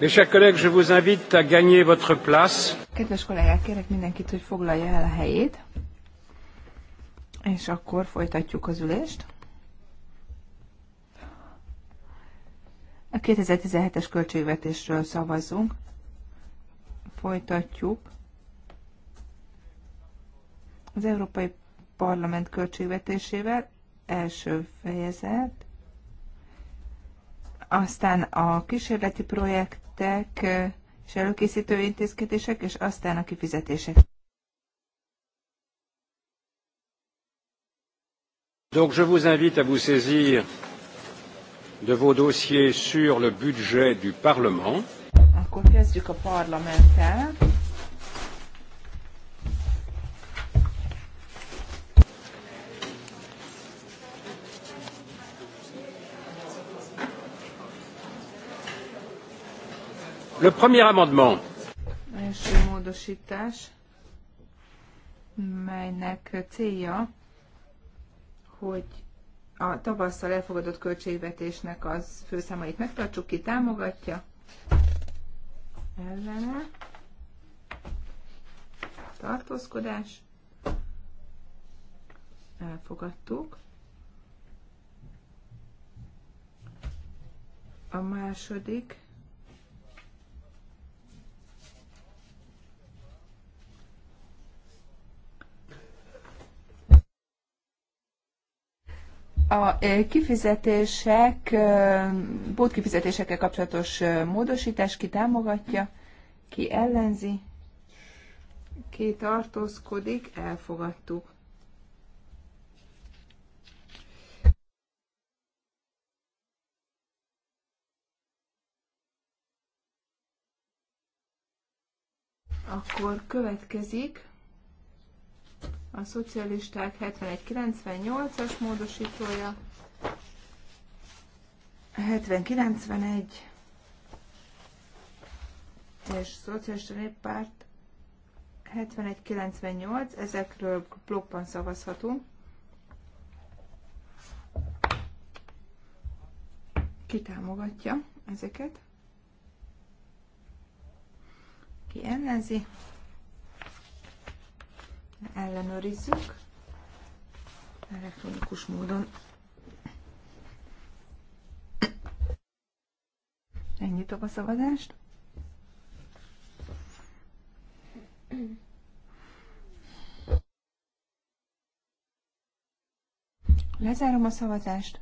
Mes chers collègues, je vous invite à gagner votre place. Kedves kollégák, kérek mindenkit, hogy foglalja el a helyét. És akkor folytatjuk az ülést. A 2017-es költségvetésről szavazzunk. Folytatjuk. Az Európai Parlament költségvetésével első fejezet aztán a kísérleti projektek és előkészítő intézkedések, és aztán a kifizetések. Donc je vous invite à vous saisir de vos dossiers sur le budget du Parlement. Akkor kezdjük a parlamenttel. Le premier amendement. Első módosítás, melynek célja, hogy a tavasszal elfogadott költségvetésnek az főszámait megtartsuk, ki támogatja, ellene, tartózkodás, elfogadtuk. A második A kifizetések, pótkifizetésekkel kapcsolatos módosítás ki támogatja, ki ellenzi, ki tartózkodik, elfogadtuk. Akkor következik a szocialisták 71-98-as módosítója, 70-91 és szocialista néppárt 71-98, ezekről blokkban szavazhatunk. Ki támogatja ezeket? Ki ellenzi? ellenőrizzük elektronikus módon. Megnyitom a szavazást. Lezárom a szavazást.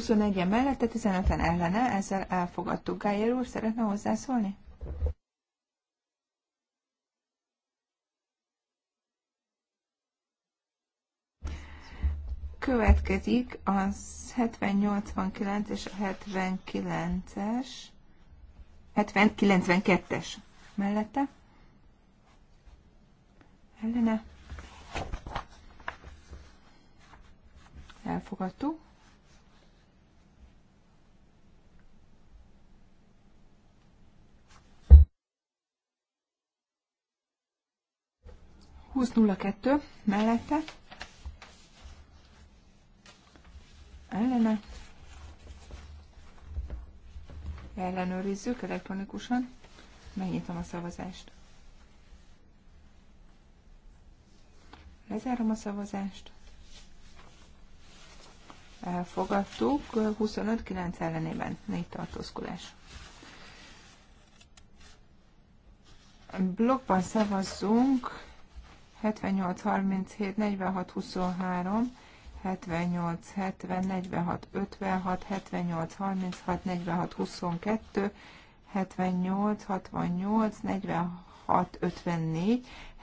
21-en mellette, 15-en ellene, ezzel elfogadtuk. Gájér úr, szeretne hozzászólni? Következik az 70-89 és a 79-es, 70-92-es mellette. Ellene. Elfogadtuk. 20.02 mellette ellene ellenőrizzük elektronikusan, megnyitom a szavazást. Lezárom a szavazást. Elfogadtuk 25-9 ellenében négy tartózkodás. Blokkban szavazzunk 78, 37, 46, 23, 78, 70, 46, 56, 78, 36, 46, 22, 78, 68, 46, 54,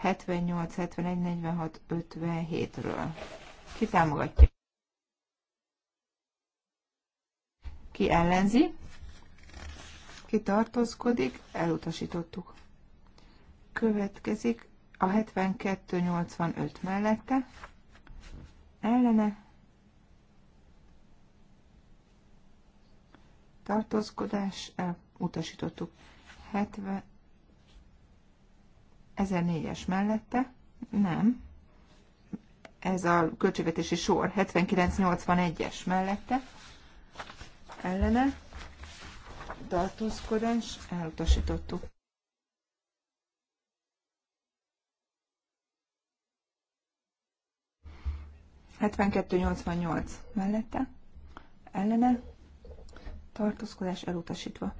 78, 71, 46, 57-ről. Ki támogatja? Ki ellenzi? Ki tartózkodik? Elutasítottuk. Következik a 7285 mellette, ellene, tartózkodás, elutasítottuk 70, 1004-es mellette, nem, ez a költségvetési sor 7981-es mellette, ellene, tartózkodás, elutasítottuk. 72-88 mellette, ellene, tartózkodás elutasítva.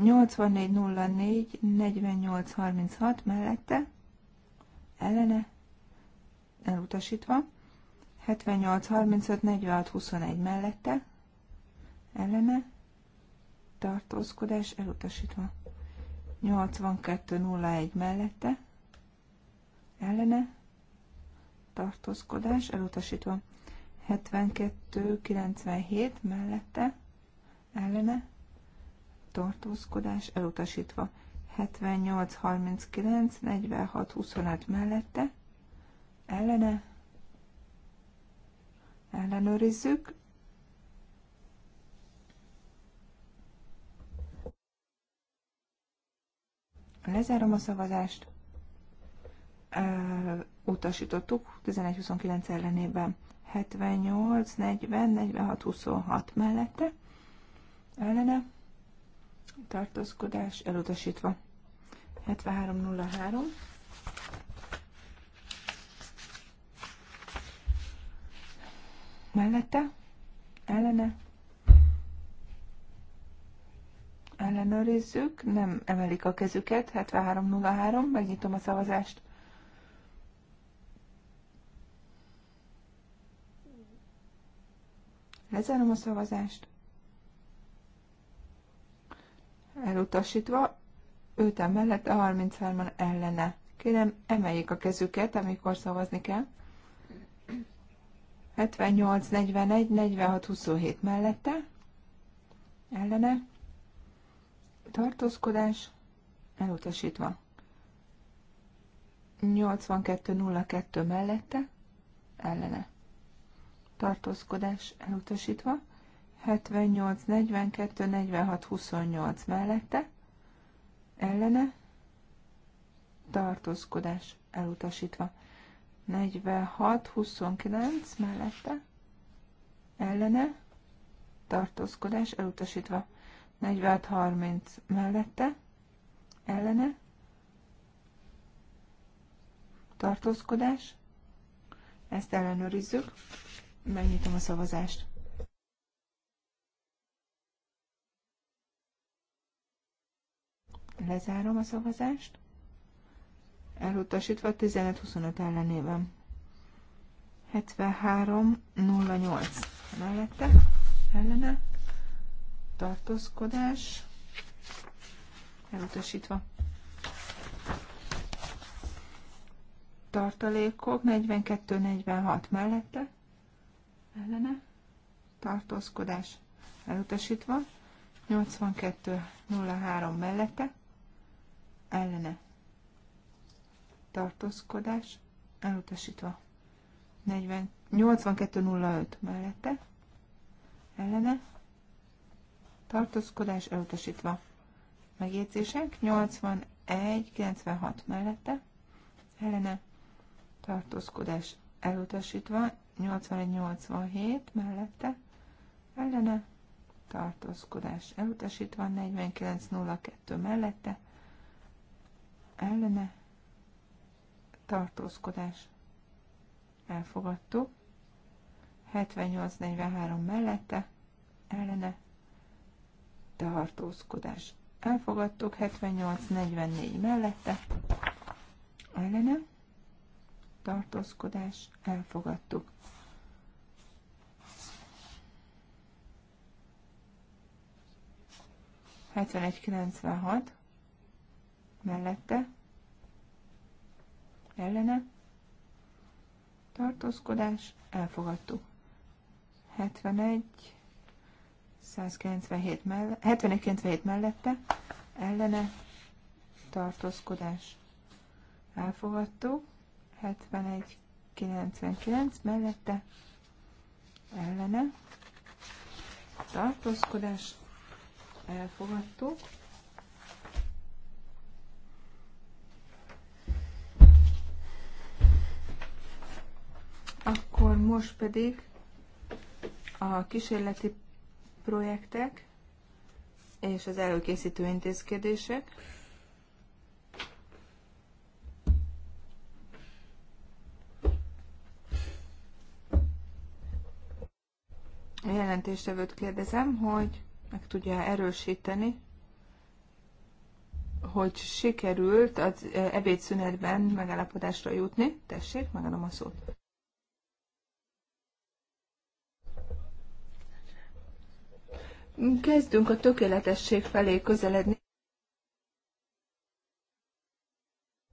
84-04-48-36 mellette, ellene, elutasítva. 78-35-46-21 mellette, ellene, tartózkodás elutasítva. 82-01 mellette, ellene, tartózkodás elutasítva. 72-97 mellette ellene tartózkodás elutasítva. 78-39-46-25 mellette ellene ellenőrizzük. Lezárom a szavazást utasítottuk 11-29 ellenében. 78, 40, 46, 26 mellette ellene tartózkodás elutasítva. 7303 mellette ellene ellenőrizzük, nem emelik a kezüket, 7303, megnyitom a szavazást. Lezárom a szavazást. Elutasítva, 5 mellett, a 33-an ellene. Kérem, emeljék a kezüket, amikor szavazni kell. 78, 41, 46, 27 mellette. Ellene. Tartózkodás. Elutasítva. 82, 02 mellette. Ellene tartózkodás elutasítva, 78, 42, 46, 28 mellette, ellene, tartózkodás elutasítva, 46, 29 mellette, ellene, tartózkodás elutasítva, 46, 30 mellette, ellene, tartózkodás, ezt ellenőrizzük. Megnyitom a szavazást. Lezárom a szavazást. Elutasítva 15-25 ellenében. 73-08 mellette, ellene, tartózkodás, elutasítva. Tartalékok 42-46 mellette, ellene tartózkodás elutasítva, 82.03 mellette ellene tartózkodás elutasítva, 40, 82.05 mellette ellene tartózkodás elutasítva, megjegyzések 81.96 mellette ellene tartózkodás elutasítva, 81-87 mellette ellene tartózkodás elutasítva, 49-02 mellette ellene tartózkodás elfogadtuk, 78-43 mellette ellene tartózkodás elfogadtuk, 78-44 mellette ellene tartózkodás, elfogadtuk. hat mellette, ellene, tartózkodás, elfogadtuk. 71, 197 mellette, 71, 97 mellette, ellene, tartózkodás, elfogadtuk. 71, 99 mellette ellene tartózkodás elfogadtuk. Akkor most pedig a kísérleti projektek és az előkészítő intézkedések. A jelentéstevőt kérdezem, hogy meg tudja erősíteni, hogy sikerült az ebédszünetben megállapodásra jutni. Tessék, megadom a szót. Kezdünk a tökéletesség felé közeledni.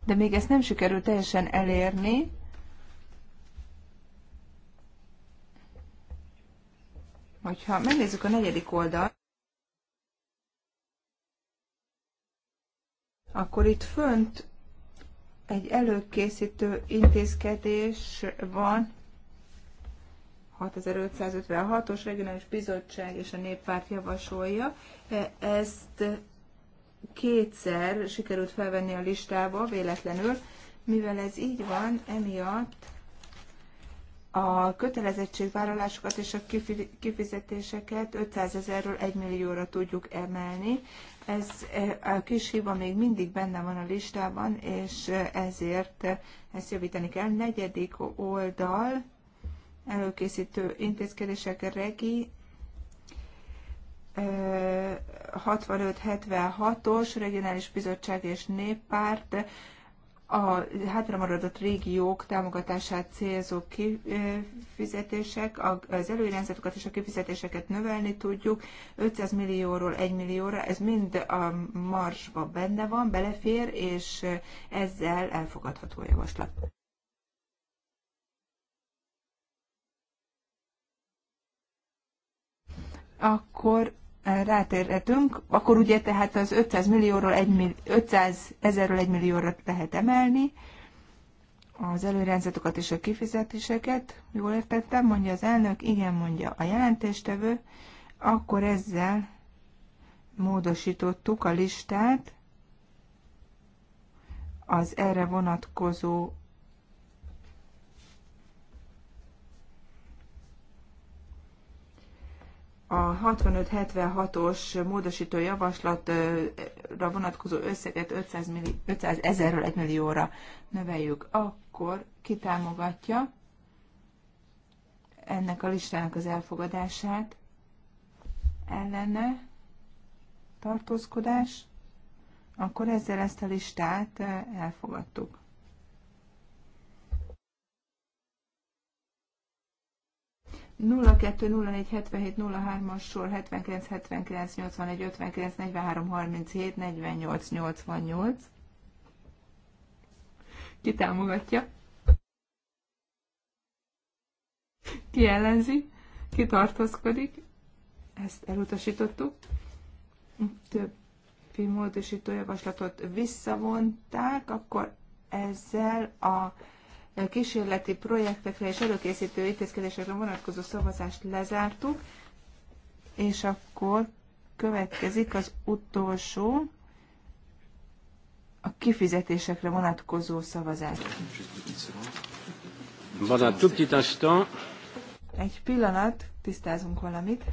De még ezt nem sikerült teljesen elérni, Hogyha megnézzük a negyedik oldalt, akkor itt fönt egy előkészítő intézkedés van, 6556-os regionális bizottság és a néppárt javasolja. E, ezt kétszer sikerült felvenni a listába véletlenül, mivel ez így van, emiatt a kötelezettségvállalásokat és a kifizetéseket 500 ezerről 1 millióra tudjuk emelni. Ez eh, a kis hiba még mindig benne van a listában, és eh, ezért eh, ezt javítani kell. Negyedik oldal, előkészítő intézkedések, regi, 65-76-os regionális bizottság és néppárt a hátramaradott régiók támogatását célzó kifizetések, az előirányzatokat és a kifizetéseket növelni tudjuk, 500 millióról 1 millióra, ez mind a marsba benne van, belefér, és ezzel elfogadható a javaslat. Akkor rátérhetünk, akkor ugye tehát az 500 millióról 1 500 ezerről 1 millióra lehet emelni az előrendzetokat és a kifizetéseket. Jól értettem, mondja az elnök, igen, mondja a jelentéstevő. Akkor ezzel módosítottuk a listát az erre vonatkozó a 65-76-os módosító javaslatra vonatkozó összeget 500, milli, 500 ezerről 1 millióra növeljük, akkor kitámogatja ennek a listának az elfogadását ellene tartózkodás, akkor ezzel ezt a listát eh, elfogadtuk. 02047703-as sor 79 79 81 59 43 37 48 88. Ki támogatja? Ki ellenzi? Ki tartozkodik, Ezt elutasítottuk. Több módosító javaslatot visszavonták, akkor ezzel a kísérleti projektekre és előkészítő intézkedésekre vonatkozó szavazást lezártuk, és akkor következik az utolsó, a kifizetésekre vonatkozó szavazás. Van a Egy pillanat, tisztázunk valamit.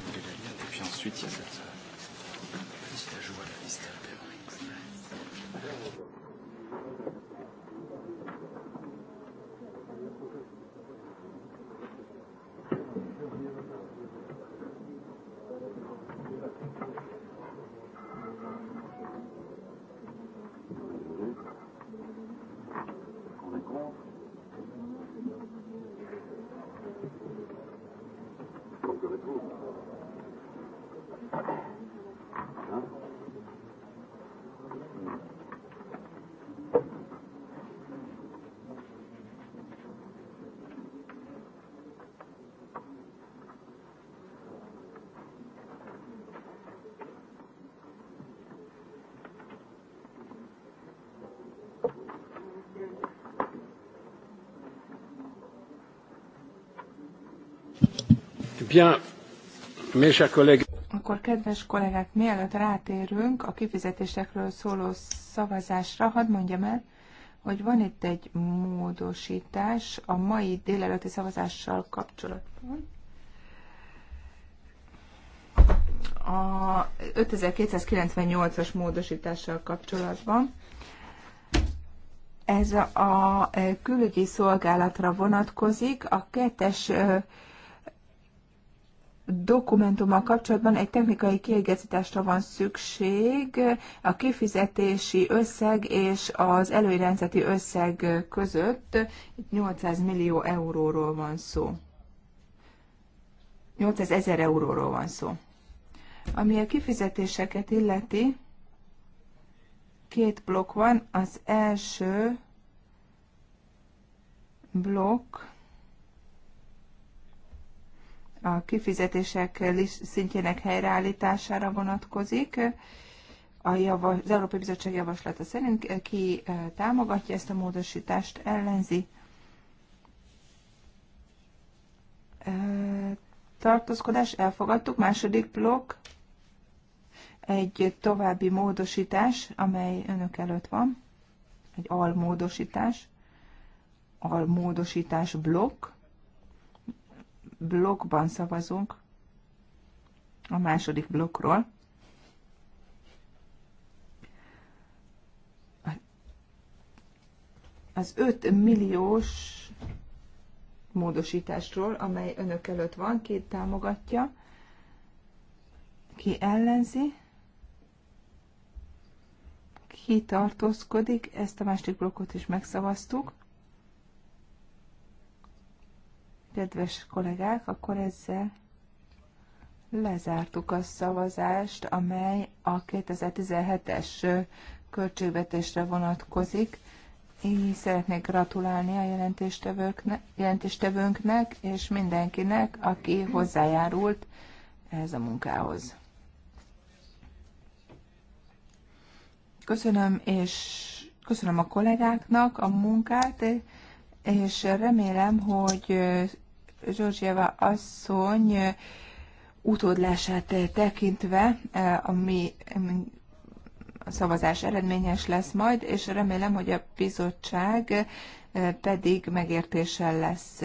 Bien, mes chers collègues. Akkor kedves kollégák, mielőtt rátérünk a kifizetésekről szóló szavazásra, hadd mondjam el, hogy van itt egy módosítás a mai délelőtti szavazással kapcsolatban. A 5298-as módosítással kapcsolatban. Ez a külügyi szolgálatra vonatkozik, a kettes dokumentummal kapcsolatban egy technikai kiegészítésre van szükség a kifizetési összeg és az előirányzati összeg között. Itt 800 millió euróról van szó. 800 ezer euróról van szó. Ami a kifizetéseket illeti, két blokk van. Az első blokk a kifizetések szintjének helyreállítására vonatkozik. A javas, az Európai Bizottság javaslata szerint ki eh, támogatja ezt a módosítást, ellenzi. Eh, tartózkodás elfogadtuk. Második blokk egy további módosítás, amely önök előtt van, egy almódosítás, almódosítás blokk blokkban szavazunk a második blokkról. Az 5 milliós módosításról, amely önök előtt van, két támogatja, ki ellenzi, ki tartózkodik, ezt a másik blokkot is megszavaztuk. Kedves kollégák, akkor ezzel lezártuk a szavazást, amely a 2017-es költségvetésre vonatkozik. Így szeretnék gratulálni a jelentéstevőknek, jelentéstevőnknek és mindenkinek, aki hozzájárult ehhez a munkához. Köszönöm, és köszönöm a kollégáknak a munkát, és remélem, hogy Zsorzsieva asszony utódlását tekintve, ami a szavazás eredményes lesz majd, és remélem, hogy a bizottság pedig megértéssel lesz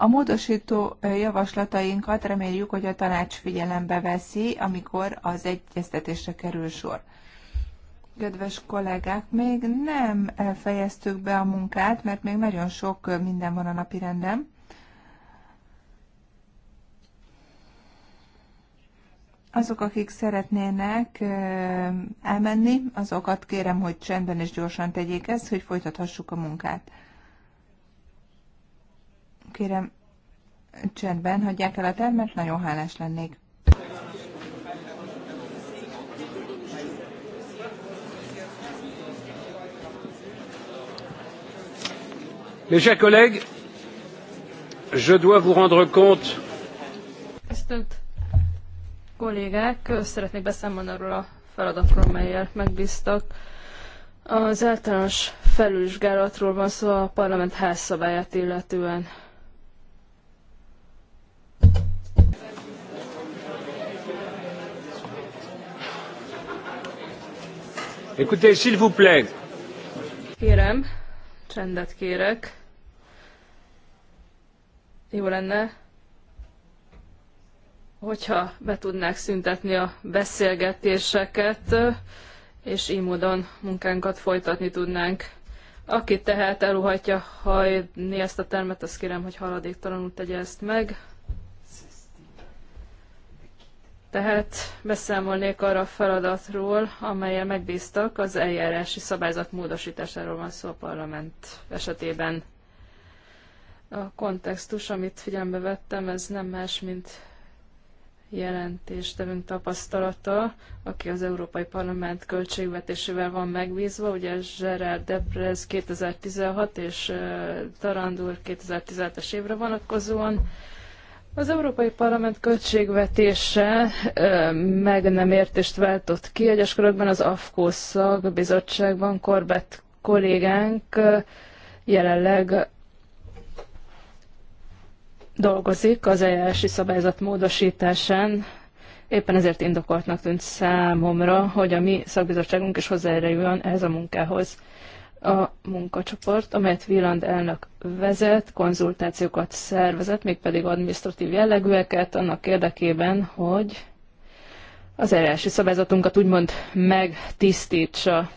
A módosító javaslatainkat reméljük, hogy a tanács figyelembe veszi, amikor az egyeztetésre kerül sor. Kedves kollégák, még nem fejeztük be a munkát, mert még nagyon sok minden van a napi rendem. Azok, akik szeretnének elmenni, azokat kérem, hogy csendben és gyorsan tegyék ezt, hogy folytathassuk a munkát. Kérem, csendben hagyják el a termet, nagyon hálás lennék. Mes chers collègues, je dois vous rendre compte. Tisztelt kollégák, szeretnék beszámolni arról a feladatról, melyel megbíztak. Az általános felülvizsgálatról van szó a parlament házszabályát illetően. Écoutez, s'il vous plaît. Kérem, csendet kérek. Jó lenne, hogyha be tudnák szüntetni a beszélgetéseket, és így módon munkánkat folytatni tudnánk. Aki tehát elruhatja hajni ezt a termet, azt kérem, hogy haladéktalanul tegye ezt meg. Tehát beszámolnék arra a feladatról, amelyel megbíztak, az eljárási szabályzat módosításáról van szó a parlament esetében. A kontextus, amit figyelembe vettem, ez nem más, mint jelentéstevünk tapasztalata, aki az Európai Parlament költségvetésével van megbízva, ugye Gerard Debrez 2016 és Tarandur 2017-es évre vonatkozóan az Európai Parlament költségvetése meg nem értést váltott ki. Egyes körökben az AFKO szakbizottságban Korbett kollégánk jelenleg dolgozik az eljárási szabályzat módosításán. Éppen ezért indokoltnak tűnt számomra, hogy a mi szakbizottságunk is hozzájáruljon ehhez a munkához a munkacsoport, amelyet Wieland elnök vezet, konzultációkat szervezett, mégpedig administratív jellegűeket annak érdekében, hogy az első szabályzatunkat úgymond megtisztítsa.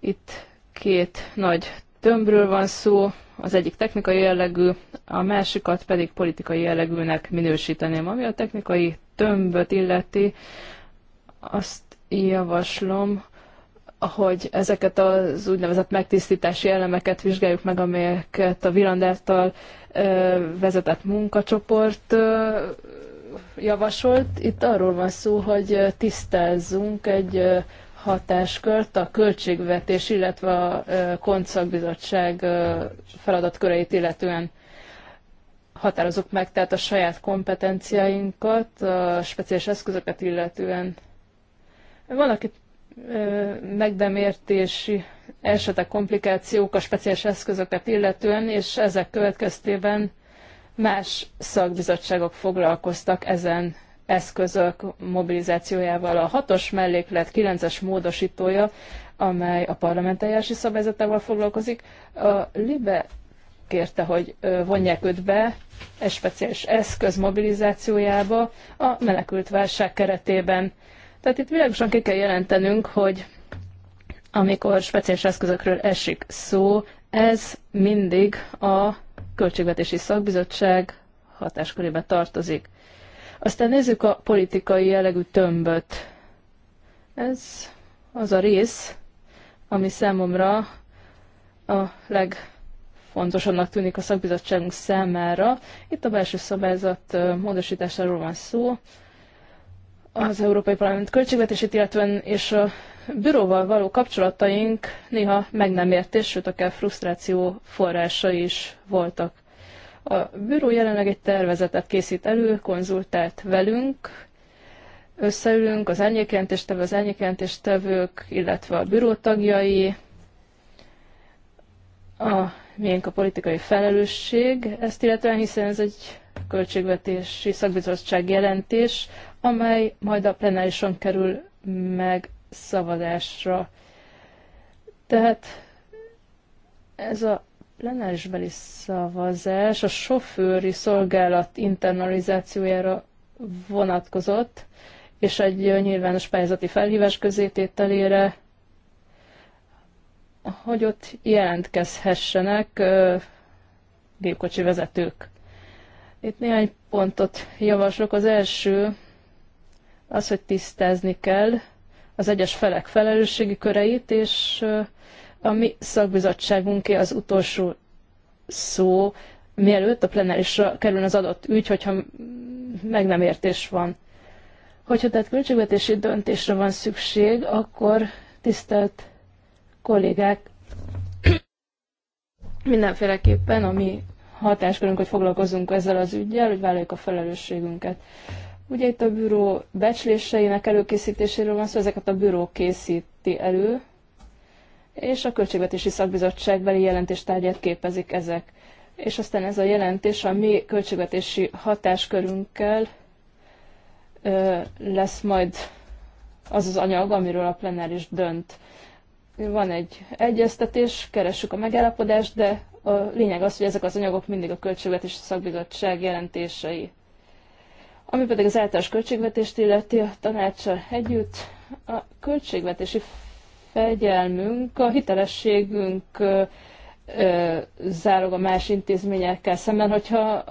Itt két nagy tömbről van szó, az egyik technikai jellegű, a másikat pedig politikai jellegűnek minősíteném. Ami a technikai tömböt illeti, azt javaslom, hogy ezeket az úgynevezett megtisztítási elemeket vizsgáljuk meg, amelyeket a Vilandertal vezetett munkacsoport javasolt. Itt arról van szó, hogy tisztázzunk egy hatáskört a költségvetés, illetve a koncakbizottság feladatköreit illetően határozunk meg, tehát a saját kompetenciáinkat, a speciális eszközöket illetően. Van, itt megbemértési esetek, komplikációk a speciális eszközöket illetően, és ezek következtében más szakbizottságok foglalkoztak ezen eszközök mobilizációjával. A hatos melléklet kilences módosítója, amely a parlament szabályzatával foglalkozik, a LIBE kérte, hogy vonják őt be egy speciális eszköz mobilizációjába a menekült válság keretében. Tehát itt világosan ki kell jelentenünk, hogy amikor speciális eszközökről esik szó, ez mindig a Költségvetési Szakbizottság hatáskörébe tartozik. Aztán nézzük a politikai jellegű tömböt. Ez az a rész, ami számomra a legfontosabbnak tűnik a szakbizottságunk számára. Itt a belső szabályzat módosításáról van szó, az Európai Parlament költségvetését, illetve és a büróval való kapcsolataink néha meg nem értés, sőt akár frusztráció forrása is voltak. A bűró jelenleg egy tervezetet készít elő, konzultált velünk, összeülünk az árnyékjelentéstevő, az árnyékjelentéstevők, illetve a bűró tagjai, a miénk a politikai felelősség ezt illetően, hiszen ez egy költségvetési szakbizottság jelentés, amely majd a plenárison kerül meg szavazásra. Tehát ez a plenárisbeli szavazás a sofőri szolgálat internalizációjára vonatkozott, és egy nyilvános pályázati felhívás közétételére, hogy ott jelentkezhessenek gépkocsi vezetők. Itt néhány pontot javaslok. Az első az, hogy tisztázni kell az egyes felek felelősségi köreit, és a mi szakbizottságunké az utolsó szó, mielőtt a plenárisra kerül az adott ügy, hogyha meg nem értés van. Hogyha tehát költségvetési döntésre van szükség, akkor tisztelt kollégák, mindenféleképpen a mi hatáskörünk, hogy foglalkozunk ezzel az ügyjel, hogy vállaljuk a felelősségünket. Ugye itt a bűró becsléseinek előkészítéséről van szó, ezeket a bűró készíti elő, és a Költségvetési Szakbizottság beli jelentéstárgyát képezik ezek. És aztán ez a jelentés a mi költségvetési hatáskörünkkel ö, lesz majd az az anyag, amiről a plenáris dönt. Van egy egyeztetés, keressük a megállapodást, de a lényeg az, hogy ezek az anyagok mindig a Költségvetési Szakbizottság jelentései. Ami pedig az általános költségvetést illeti a tanácsa együtt, a költségvetési fegyelmünk, a hitelességünk zárog a más intézményekkel szemben, hogyha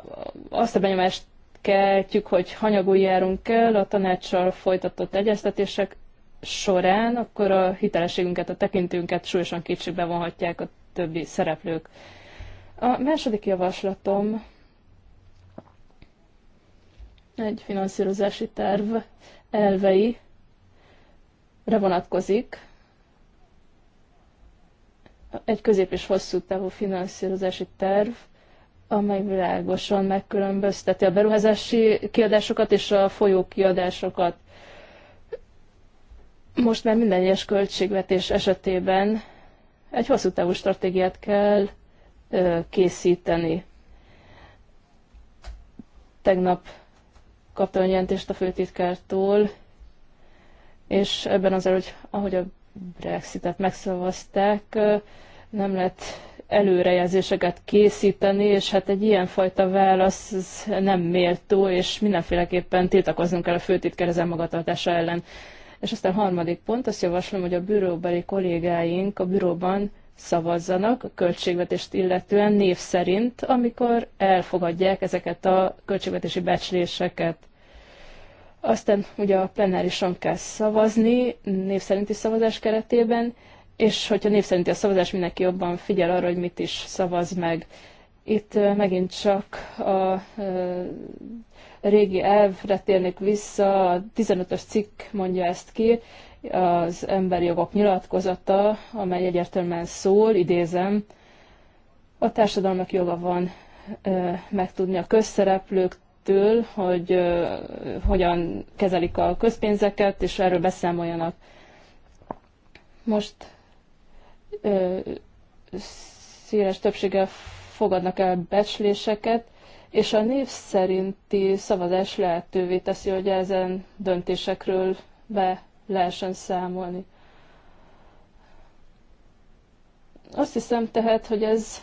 azt a benyomást keltjük, hogy hanyagul járunk el a tanácssal folytatott egyeztetések során, akkor a hitelességünket, a tekintőnket súlyosan kétségbe vonhatják a többi szereplők. A második javaslatom egy finanszírozási terv elvei vonatkozik egy közép és hosszú távú finanszírozási terv, amely világosan megkülönbözteti a beruházási kiadásokat és a folyó kiadásokat. Most már minden egyes költségvetés esetében egy hosszú távú stratégiát kell készíteni. Tegnap kaptam egy jelentést a főtitkártól, és ebben azért, hogy ahogy a Brexit-et megszavazták, nem lett előrejelzéseket készíteni, és hát egy ilyenfajta válasz nem méltó, és mindenféleképpen tiltakoznunk kell a főtitkár ezen magatartása ellen. És aztán harmadik pont, azt javaslom, hogy a bűróbeli kollégáink a büróban szavazzanak a költségvetést illetően név szerint, amikor elfogadják ezeket a költségvetési becsléseket. Aztán ugye a plenárison kell szavazni, név szerinti szavazás keretében, és hogyha név szerinti a szavazás, mindenki jobban figyel arra, hogy mit is szavaz meg. Itt megint csak a régi elvre térnék vissza, a 15-ös cikk mondja ezt ki, az emberi jogok nyilatkozata, amely egyértelműen szól, idézem, a társadalmak joga van megtudni a közszereplők, keresztül, hogy uh, hogyan kezelik a közpénzeket, és erről beszámoljanak. Most uh, széles többséggel fogadnak el becsléseket, és a név szerinti szavazás lehetővé teszi, hogy ezen döntésekről be lehessen számolni. Azt hiszem tehát, hogy ez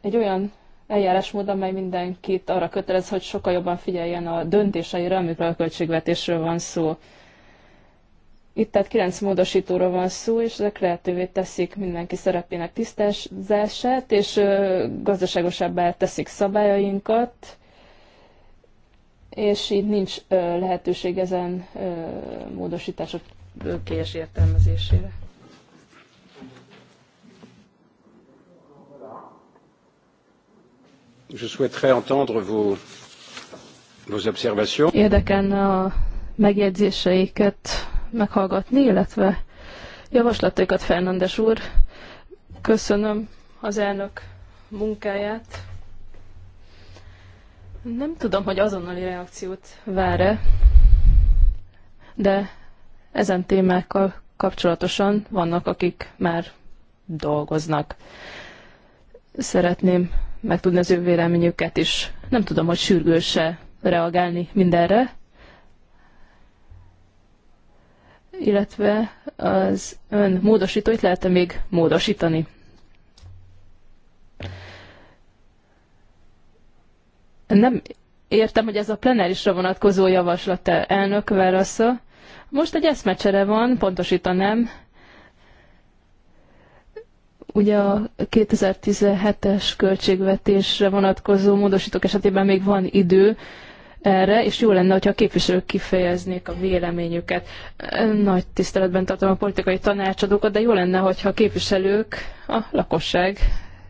egy olyan eljárásmód, amely mindenkit arra kötelez, hogy sokkal jobban figyeljen a döntéseire, amikor a költségvetésről van szó. Itt tehát kilenc módosítóról van szó, és ezek lehetővé teszik mindenki szerepének tisztázását, és gazdaságosabbá teszik szabályainkat, és így nincs lehetőség ezen módosítások kélyes értelmezésére. Érdekelne a megjegyzéseiket meghallgatni, illetve javaslatokat, Fernandes úr. Köszönöm az elnök munkáját. Nem tudom, hogy azonnali reakciót vár-e, de ezen témákkal kapcsolatosan vannak, akik már dolgoznak. Szeretném megtudni az ő véleményüket is. Nem tudom, hogy sürgőse reagálni mindenre. Illetve az ön módosítóit lehet -e még módosítani? Nem értem, hogy ez a plenárisra vonatkozó javaslat elnök válasza. Most egy eszmecsere van, pontosítanám, Ugye a 2017-es költségvetésre vonatkozó módosítók esetében még van idő erre, és jó lenne, hogyha a képviselők kifejeznék a véleményüket. Nagy tiszteletben tartom a politikai tanácsadókat, de jó lenne, hogyha a képviselők, a lakosság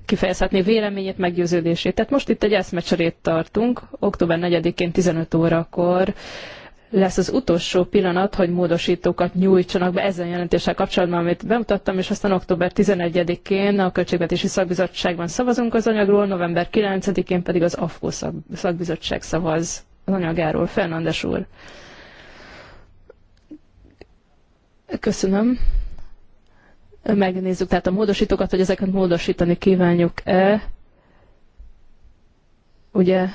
kifejezhetné véleményét, meggyőződését. Tehát most itt egy eszmecserét tartunk, október 4-én 15 órakor lesz az utolsó pillanat, hogy módosítókat nyújtsanak be ezen jelentéssel kapcsolatban, amit bemutattam, és aztán október 11-én a Költségvetési Szakbizottságban szavazunk az anyagról, november 9-én pedig az AFKO szakbizottság szavaz az anyagáról. Fernandes úr. Köszönöm. Megnézzük tehát a módosítókat, hogy ezeket módosítani kívánjuk-e. Ugye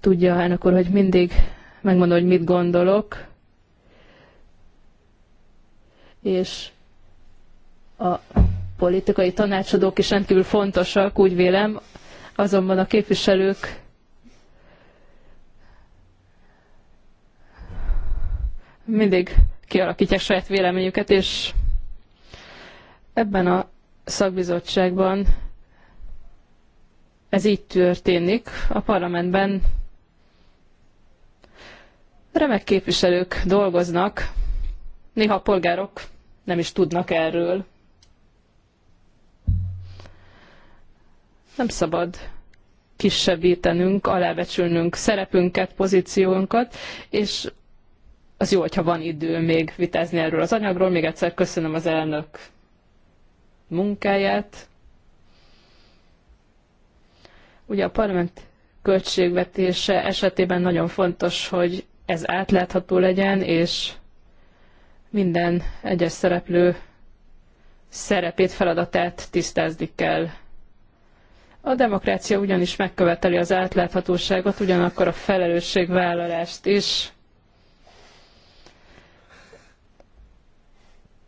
tudja elnök úr, hogy mindig megmondom, hogy mit gondolok. És a politikai tanácsadók is rendkívül fontosak, úgy vélem, azonban a képviselők mindig kialakítják saját véleményüket, és ebben a szakbizottságban ez így történik. A parlamentben Remek képviselők dolgoznak, néha a polgárok nem is tudnak erről. Nem szabad kisebbítenünk, alábecsülnünk szerepünket, pozíciónkat, és az jó, hogyha van idő még vitázni erről az anyagról. Még egyszer köszönöm az elnök munkáját. Ugye a parlament költségvetése esetében nagyon fontos, hogy ez átlátható legyen, és minden egyes szereplő szerepét, feladatát tisztázni kell. A demokrácia ugyanis megköveteli az átláthatóságot, ugyanakkor a felelősségvállalást is.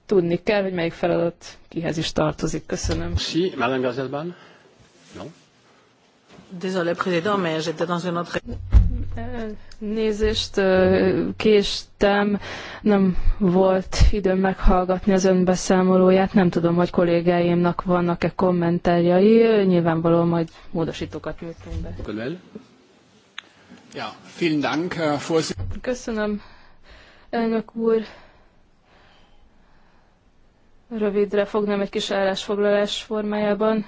Tudni kell, hogy melyik feladat kihez is tartozik. Köszönöm. Si, Madame Gazetban. Non? Désolé, président, mais j'étais dans une autre... Nézést késtem, nem volt időm meghallgatni az önbeszámolóját, nem tudom, hogy kollégáimnak vannak-e kommentárjai, nyilvánvalóan majd módosítókat nyújtunk be. Ja, vielen Dank, Köszönöm, elnök úr. Rövidre fognám egy kis állásfoglalás formájában.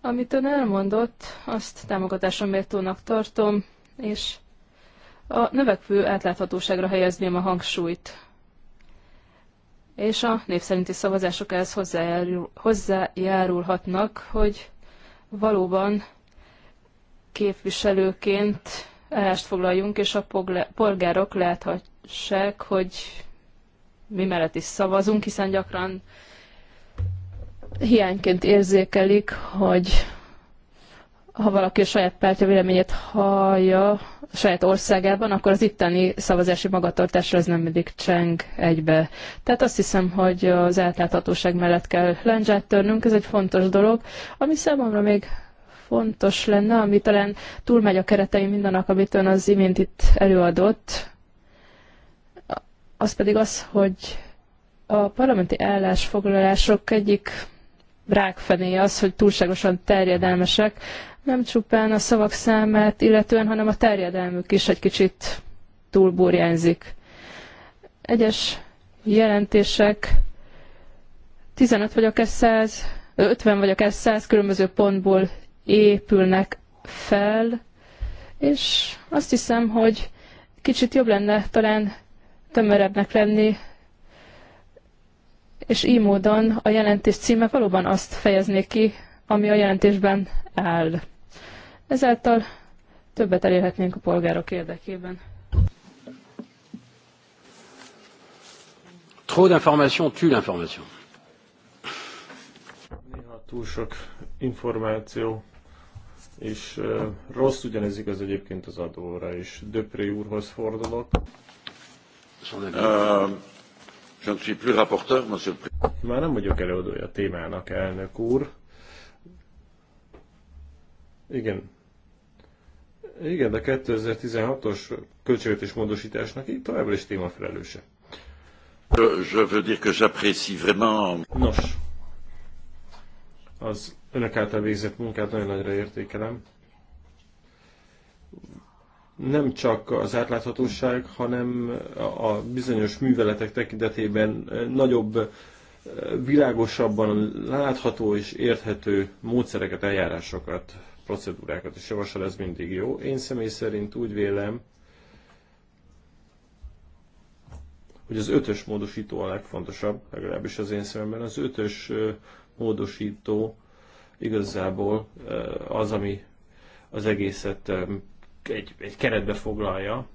Amit ön elmondott, azt támogatásomért tartom és a növekvő átláthatóságra helyezném a hangsúlyt. És a népszerinti szavazások ehhez hozzájárul, hozzájárulhatnak, hogy valóban képviselőként állást foglaljunk, és a polgárok láthassák, hogy mi mellett is szavazunk, hiszen gyakran hiányként érzékelik, hogy ha valaki a saját pártja véleményét hallja a saját országában, akkor az itteni szavazási magatartásra ez nem mindig cseng egybe. Tehát azt hiszem, hogy az átláthatóság mellett kell lencsát törnünk, ez egy fontos dolog, ami számomra még fontos lenne, ami talán túlmegy a keretei mindannak, amit ön az imént itt előadott, az pedig az, hogy a parlamenti állásfoglalások egyik rákfenéje az, hogy túlságosan terjedelmesek, nem csupán a szavak számát illetően, hanem a terjedelmük is egy kicsit túlburjánzik. Egyes jelentések 15 vagy akár 100, 50 vagy akár 100 különböző pontból épülnek fel, és azt hiszem, hogy kicsit jobb lenne talán tömörebbnek lenni, és így módon a jelentés címe valóban azt fejezné ki, ami a jelentésben áll. Ezáltal többet elérhetnénk a polgárok érdekében. Trop d'information tue l'information. Néha túl sok információ, és uh, rossz ugyanez igaz egyébként az adóra is. Döpré úrhoz fordulok. Uh, je ne suis plus rapporteur, monsieur le président. Már nem vagyok előadója a témának, elnök úr. Igen, igen, de 2016-os költségvetés módosításnak így továbbra is témafelelőse. Je veux dire que j'apprécie vraiment... Nos, az önök által végzett munkát nagyon nagyra értékelem. Nem csak az átláthatóság, hanem a bizonyos műveletek tekintetében nagyobb, eh, világosabban látható és érthető módszereket, eljárásokat procedúrákat is javasol, ez mindig jó. Én személy szerint úgy vélem, hogy az ötös módosító a legfontosabb, legalábbis az én szememben. Az ötös módosító igazából az, ami az egészet egy, egy keretbe foglalja.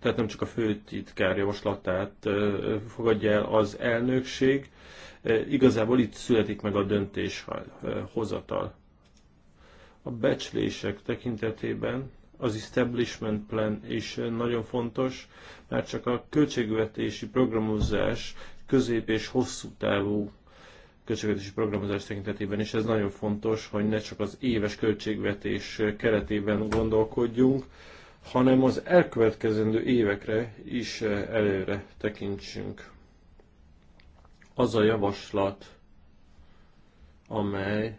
Tehát nem csak a főtitkár javaslatát fogadja el az elnökség, E, igazából itt születik meg a döntéshozatal. A becslések tekintetében az establishment plan is nagyon fontos, mert csak a költségvetési programozás közép és hosszú távú költségvetési programozás tekintetében is ez nagyon fontos, hogy ne csak az éves költségvetés keretében gondolkodjunk, hanem az elkövetkezendő évekre is előre tekintsünk az a javaslat, amely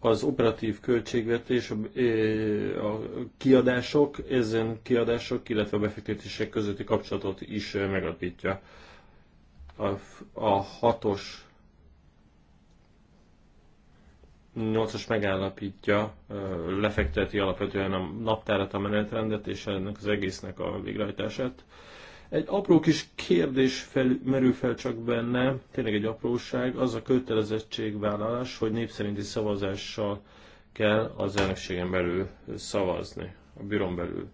az operatív költségvetés, a kiadások, ezen kiadások, illetve a befektetések közötti kapcsolatot is megalapítja. A, a hatos, nyolcas megállapítja, lefekteti alapvetően a naptárat, a menetrendet és ennek az egésznek a végrehajtását. Egy apró kis kérdés fel, merül fel csak benne, tényleg egy apróság, az a kötelezettségvállalás, hogy népszerinti szavazással kell az elnökségen belül szavazni, a bürón belül.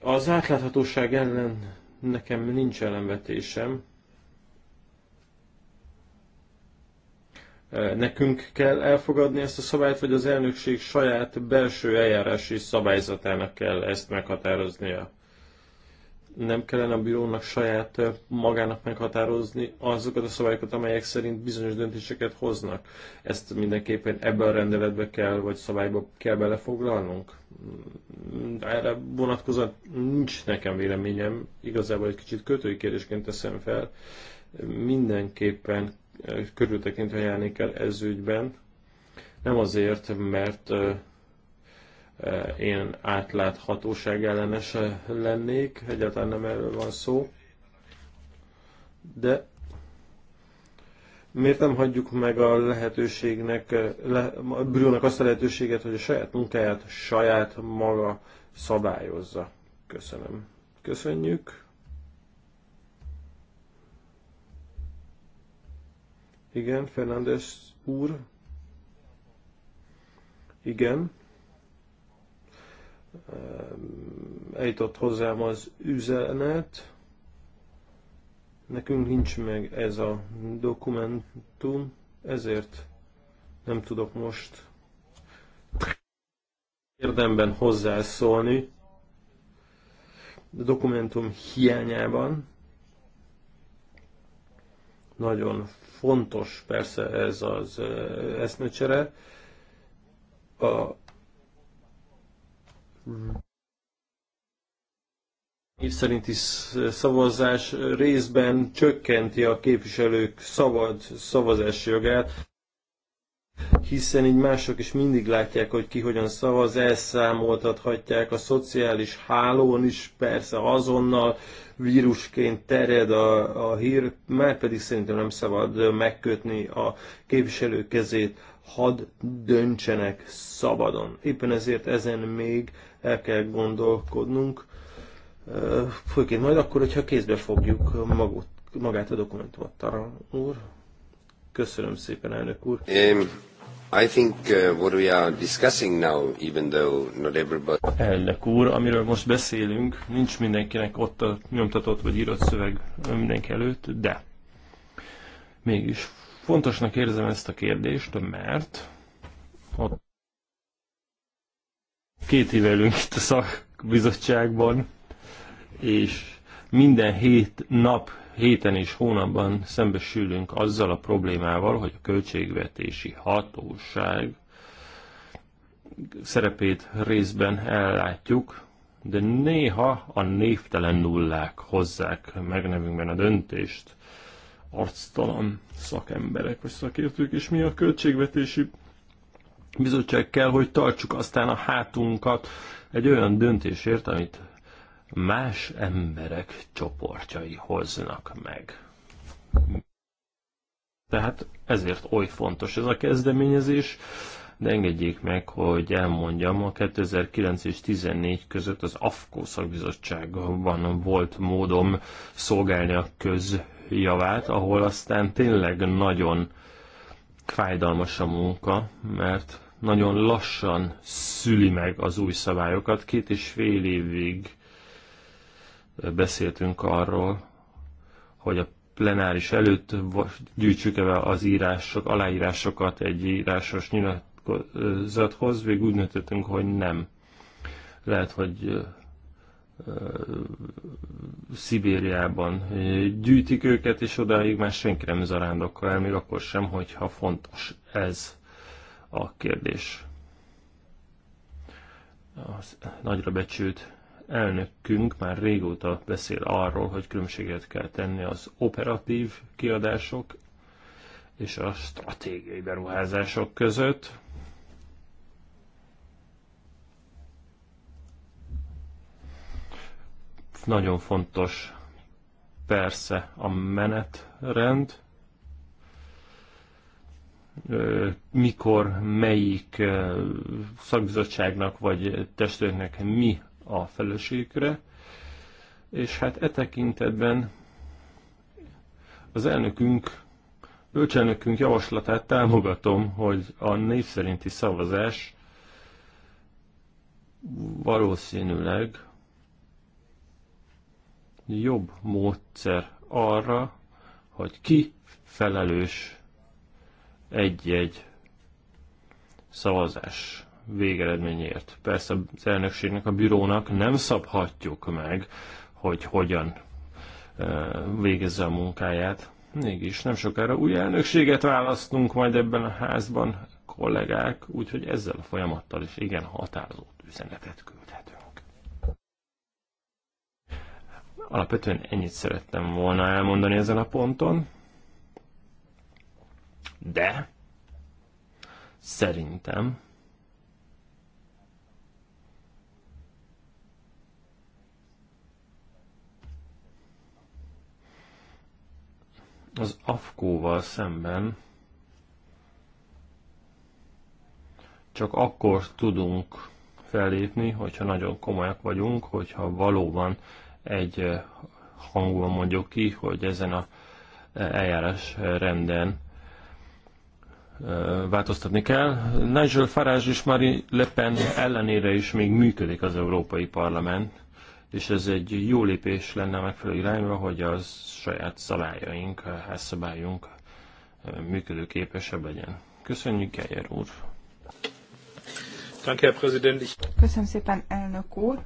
Az átláthatóság ellen nekem nincs ellenvetésem. Nekünk kell elfogadni ezt a szabályt, vagy az elnökség saját belső eljárási szabályzatának kell ezt meghatároznia? nem kellene a bírónak saját magának meghatározni azokat a szabályokat, amelyek szerint bizonyos döntéseket hoznak. Ezt mindenképpen ebben a rendeletbe kell, vagy szabályba kell belefoglalnunk? Mm, erre vonatkozóan nincs nekem véleményem, igazából egy kicsit kötői kérdésként teszem fel. Mindenképpen körültekintve járni kell ez ügyben, nem azért, mert én átláthatóság ellenes lennék, egyáltalán nem erről van szó. De miért nem hagyjuk meg a lehetőségnek, le, Brunnak azt a lehetőséget, hogy a saját munkáját saját maga szabályozza? Köszönöm. Köszönjük. Igen, Fernandes úr. Igen eljutott hozzám az üzenet. Nekünk nincs meg ez a dokumentum, ezért nem tudok most érdemben hozzászólni a dokumentum hiányában. Nagyon fontos persze ez az eh, eszmecsere. A Év szerinti szavazás részben csökkenti a képviselők szabad szavazási jogát, hiszen így mások is mindig látják, hogy ki hogyan szavaz, elszámoltathatják a szociális hálón is, persze azonnal vírusként terjed a, a hír, mert pedig szerintem nem szabad megkötni a képviselők kezét, had döntsenek szabadon. Éppen ezért ezen még el kell gondolkodnunk, főként majd akkor, hogyha kézbe fogjuk magot, magát a dokumentumot, Tara úr. Köszönöm szépen, elnök úr. Um, I think uh, what we are discussing now, even though not everybody... Elnök úr, amiről most beszélünk, nincs mindenkinek ott a nyomtatott vagy írott szöveg mindenki előtt, de mégis fontosnak érzem ezt a kérdést, mert ott Két éve ülünk itt a szakbizottságban, és minden hét nap, héten és hónapban szembesülünk azzal a problémával, hogy a költségvetési hatóság szerepét részben ellátjuk, de néha a névtelen nullák hozzák meg nevünkben a döntést. Arctalan szakemberek vagy szakértők, és mi a költségvetési bizottság kell, hogy tartsuk aztán a hátunkat egy olyan döntésért, amit más emberek csoportjai hoznak meg. Tehát ezért oly fontos ez a kezdeményezés, de engedjék meg, hogy elmondjam, a 2009 és 2014 között az AFKO szakbizottságban volt módom szolgálni a közjavát, ahol aztán tényleg nagyon fájdalmas a munka, mert nagyon lassan szüli meg az új szabályokat. Két és fél évig beszéltünk arról, hogy a plenáris előtt gyűjtsük el az írások, aláírásokat egy írásos nyilatkozathoz, végül úgy döntöttünk, hogy nem. Lehet, hogy Szibériában gyűjtik őket, és odáig már senki nem zarándokkal el, még akkor sem, hogyha fontos ez a kérdés. A nagyra becsült elnökünk már régóta beszél arról, hogy különbséget kell tenni az operatív kiadások és a stratégiai beruházások között. Nagyon fontos persze a menetrend, mikor, melyik szakbizottságnak vagy testőnek mi a felelősségükre, és hát e tekintetben az elnökünk, bölcselnökünk javaslatát támogatom, hogy a név szerinti szavazás valószínűleg jobb módszer arra, hogy ki felelős egy-egy szavazás végeredményért. Persze az elnökségnek, a bürónak nem szabhatjuk meg, hogy hogyan végezze a munkáját. Mégis nem sokára új elnökséget választunk majd ebben a házban, kollégák, úgyhogy ezzel a folyamattal is igen határozott üzenetet küldhetünk. Alapvetően ennyit szerettem volna elmondani ezen a ponton de szerintem az afkóval szemben csak akkor tudunk fellépni, hogyha nagyon komolyak vagyunk, hogyha valóban egy eh, hangul mondjuk ki, hogy ezen a eh, eljárás renden változtatni kell. Nigel Farage és Marie Le Pen ellenére is még működik az Európai Parlament, és ez egy jó lépés lenne a megfelelő irányba, hogy az saját szabályaink, házszabályunk e működőképesebb legyen. Köszönjük, Geyer úr! Köszönöm szépen, elnök úr!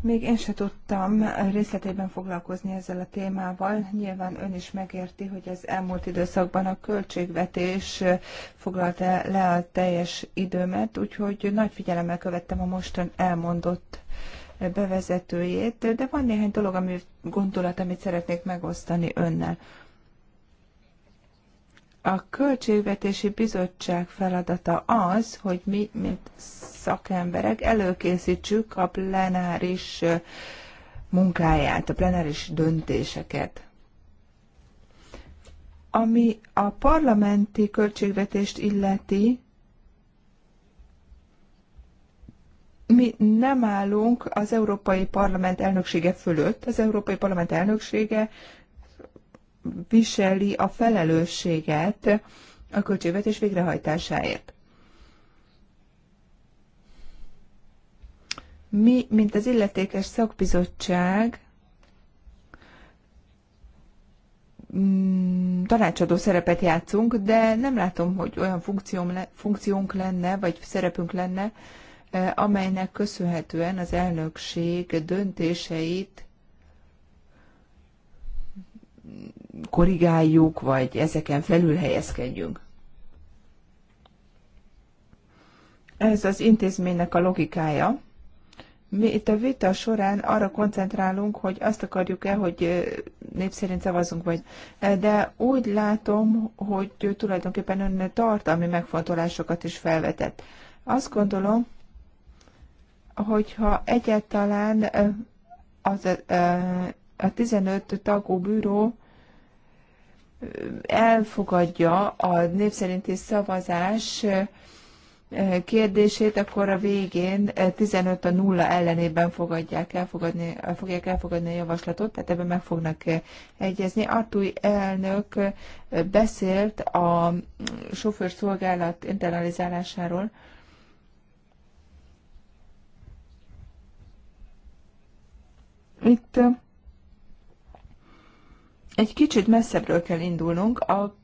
Még én se tudtam részletében foglalkozni ezzel a témával. Nyilván ön is megérti, hogy az elmúlt időszakban a költségvetés foglalta le a teljes időmet, úgyhogy nagy figyelemmel követtem a mostan elmondott bevezetőjét, de van néhány dolog, ami gondolat, amit szeretnék megosztani önnel. A Költségvetési Bizottság feladata az, hogy mi, mint szakemberek előkészítsük a plenáris munkáját, a plenáris döntéseket. Ami a parlamenti költségvetést illeti, mi nem állunk az Európai Parlament elnöksége fölött. Az Európai Parlament elnöksége viseli a felelősséget a költségvetés végrehajtásáért. Mi, mint az illetékes szakbizottság, mm, tanácsadó szerepet játszunk, de nem látom, hogy olyan funkciónk lenne, vagy szerepünk lenne, eh, amelynek köszönhetően az elnökség döntéseit korrigáljuk, vagy ezeken felül helyezkedjünk. Ez az intézménynek a logikája. Mi itt a vita során arra koncentrálunk, hogy azt akarjuk-e, hogy népszerint szavazunk, vagy. De úgy látom, hogy tulajdonképpen ön tartalmi megfontolásokat is felvetett. Azt gondolom, hogyha egyáltalán az, a 15 tagú bűró elfogadja a népszerinti szavazás kérdését, akkor a végén 15 a 0 ellenében fogadják elfogadni, fogják elfogadni a javaslatot, tehát ebben meg fognak egyezni. Artúj elnök beszélt a sofőrszolgálat internalizálásáról, Itt egy kicsit messzebbről kell indulnunk. A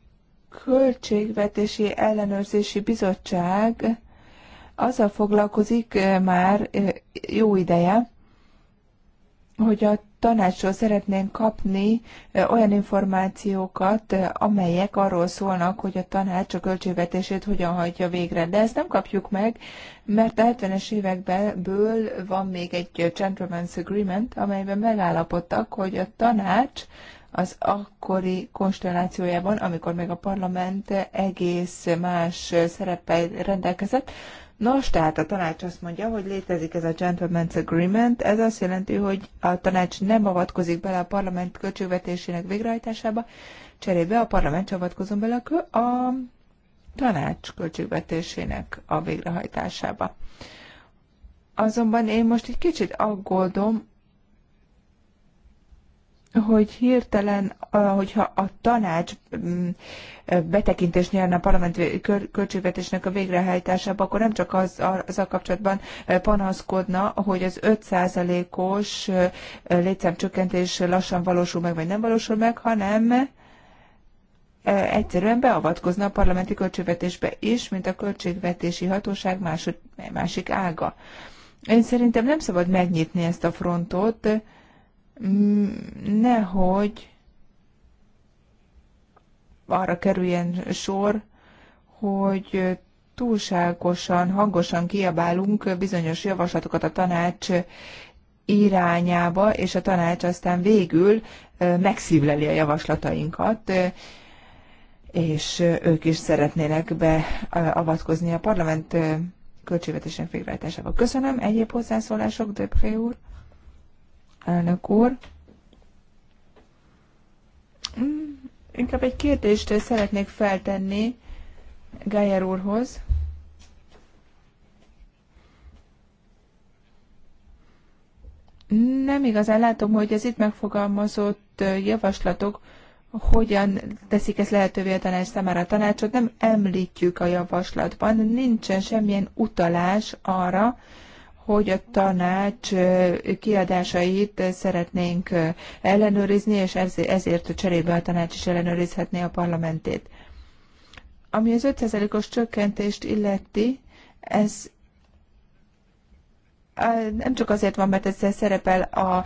Költségvetési Ellenőrzési Bizottság azzal foglalkozik eh, már eh, jó ideje, hogy a tanácsról szeretnénk kapni eh, olyan információkat, amelyek arról szólnak, hogy a tanács a költségvetését hogyan hajtja végre. De ezt nem kapjuk meg, mert a 70-es évekből van még egy Gentleman's Agreement, amelyben megállapodtak, hogy a tanács az akkori konstellációjában, amikor még a parlament egész más szereppel rendelkezett. Nos, tehát a tanács azt mondja, hogy létezik ez a Gentleman's Agreement, ez azt jelenti, hogy a tanács nem avatkozik bele a parlament költségvetésének végrehajtásába, cserébe a parlament avatkozom bele a, a tanács költségvetésének a végrehajtásába. Azonban én most egy kicsit aggódom hogy hirtelen, hogyha a tanács mm, betekintést nyerne a parlament költségvetésnek a végrehajtásába, akkor nem csak az, a kapcsolatban e, panaszkodna, hogy az 5%-os e, létszámcsökkentés lassan valósul meg, vagy nem valósul meg, hanem e, egyszerűen beavatkozna a parlamenti költségvetésbe is, mint a költségvetési hatóság másod, másik ága. Én szerintem nem szabad megnyitni ezt a frontot, Mm, nehogy arra kerüljen sor, hogy túlságosan, hangosan kiabálunk bizonyos javaslatokat a tanács irányába, és a tanács aztán végül megszívleli a javaslatainkat, és ők is szeretnének beavatkozni a parlament költségvetésen végrehajtásába. Köszönöm. Egyéb hozzászólások, Döpré úr? elnök úr. Mm, inkább egy kérdést szeretnék feltenni Gájer úrhoz. Nem igazán látom, hogy az itt megfogalmazott javaslatok hogyan teszik ezt lehetővé a tanács számára. A tanácsot nem említjük a javaslatban, nincsen semmilyen utalás arra, hogy a tanács kiadásait szeretnénk ellenőrizni, és ezért cserébe a tanács is ellenőrizhetné a parlamentét. Ami az 5%-os csökkentést illeti, ez nem csak azért van, mert ez szerepel a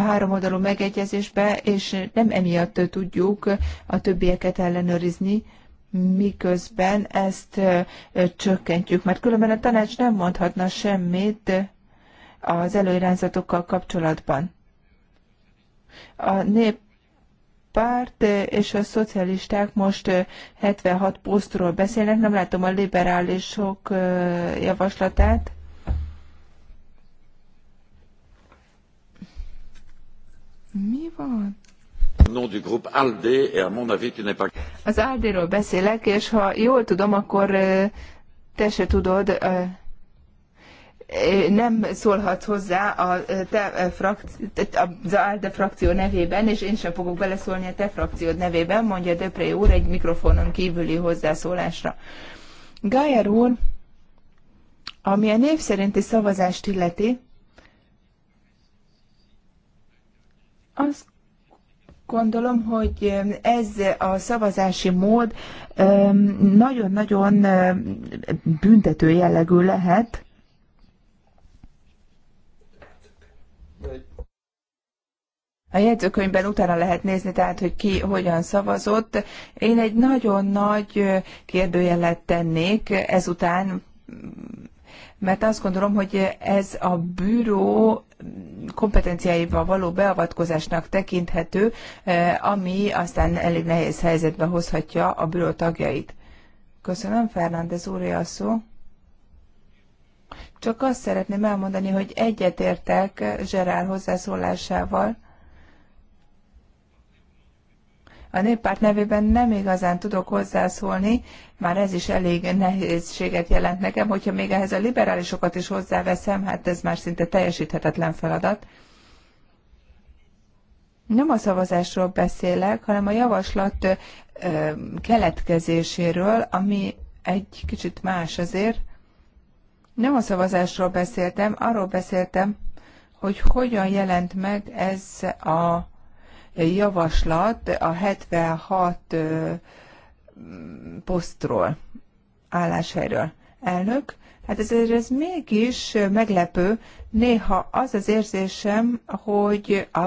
háromoldalú megegyezésbe, és nem emiatt tudjuk a többieket ellenőrizni, miközben ezt csökkentjük, mert különben a tanács nem mondhatna semmit az előirányzatokkal kapcsolatban. A nép párt és a szocialisták most 76 posztról beszélnek, nem látom a liberálisok javaslatát. Mi van? Az alde ról beszélek, és ha jól tudom, akkor te se tudod, nem szólhat hozzá a te frakció, az ALDE frakció nevében, és én sem fogok beleszólni a te frakciód nevében, mondja Depré úr egy mikrofonon kívüli hozzászólásra. Gájer úr, ami a név szerinti szavazást illeti, azt gondolom, hogy ez a szavazási mód nagyon-nagyon büntető jellegű lehet. A jegyzőkönyvben utána lehet nézni, tehát, hogy ki hogyan szavazott. Én egy nagyon nagy kérdőjelet tennék ezután mert azt gondolom, hogy ez a bűró kompetenciáiba való beavatkozásnak tekinthető, eh, ami aztán elég nehéz helyzetbe hozhatja a bűró tagjait. Köszönöm, Fernández úr, a szó. Csak azt szeretném elmondani, hogy egyetértek Zserál hozzászólásával, A néppárt nevében nem igazán tudok hozzászólni, már ez is elég nehézséget jelent nekem, hogyha még ehhez a liberálisokat is hozzáveszem, hát ez már szinte teljesíthetetlen feladat. Nem a szavazásról beszélek, hanem a javaslat ö, keletkezéséről, ami egy kicsit más azért. Nem a szavazásról beszéltem, arról beszéltem, hogy hogyan jelent meg ez a javaslat a 76 posztról, álláshelyről. Elnök, hát ez, ez mégis meglepő. Néha az az érzésem, hogy a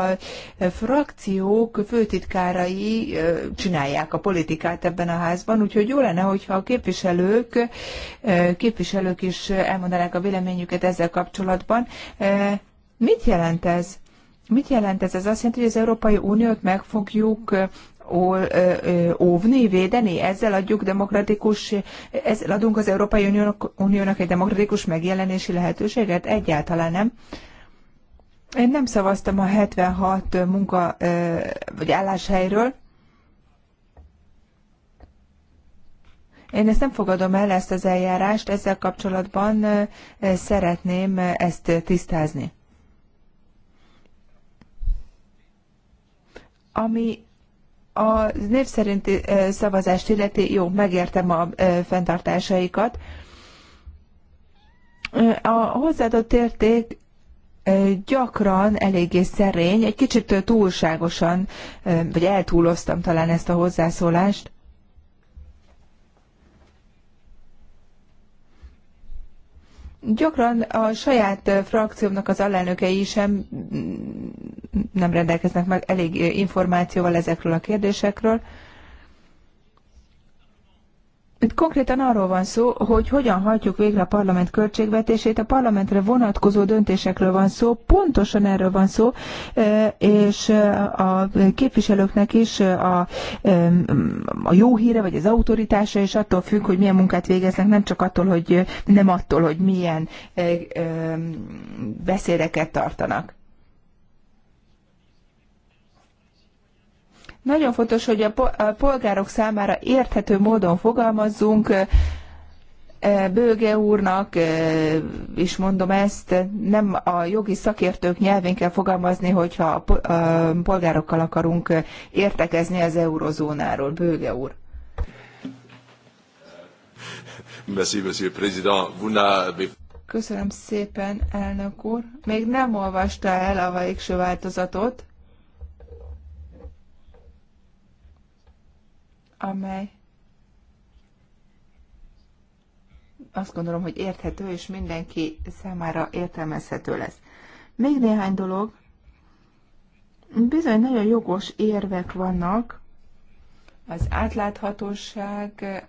frakciók főtitkárai csinálják a politikát ebben a házban, úgyhogy jó lenne, hogyha a képviselők, képviselők is elmondanák a véleményüket ezzel kapcsolatban. Mit jelent ez? Mit jelent ez? Ez azt jelenti, hogy az Európai Uniót meg fogjuk óvni, védeni, ezzel adjuk demokratikus, ezzel adunk az Európai Uniónak, Uniónak egy demokratikus megjelenési lehetőséget? Egyáltalán nem. Én nem szavaztam a 76 munka vagy álláshelyről. Én ezt nem fogadom el, ezt az eljárást, ezzel kapcsolatban szeretném ezt tisztázni. Ami a név szerinti szavazást illeti, jó, megértem a fenntartásaikat. A hozzáadott érték gyakran eléggé szerény, egy kicsit túlságosan, vagy eltúloztam talán ezt a hozzászólást. Gyakran a saját frakciómnak az alelnökei sem mm, nem rendelkeznek meg elég információval ezekről a kérdésekről. Itt konkrétan arról van szó, hogy hogyan hajtjuk végre a parlament költségvetését. A parlamentre vonatkozó döntésekről van szó, pontosan erről van szó, és a képviselőknek is a, a jó híre, vagy az autoritása is attól függ, hogy milyen munkát végeznek, nem csak attól, hogy nem attól, hogy milyen beszédeket tartanak. Nagyon fontos, hogy a polgárok számára érthető módon fogalmazzunk. E, Bőge úrnak e, is mondom ezt, nem a jogi szakértők nyelvén kell fogalmazni, hogyha a polgárokkal akarunk értekezni az eurozónáról. Bőge úr. Merci, monsieur président. Köszönöm szépen, elnök úr. Még nem olvasta el a végső változatot. amely azt gondolom, hogy érthető, és mindenki számára értelmezhető lesz. Még néhány dolog. Bizony nagyon jogos érvek vannak az átláthatóságra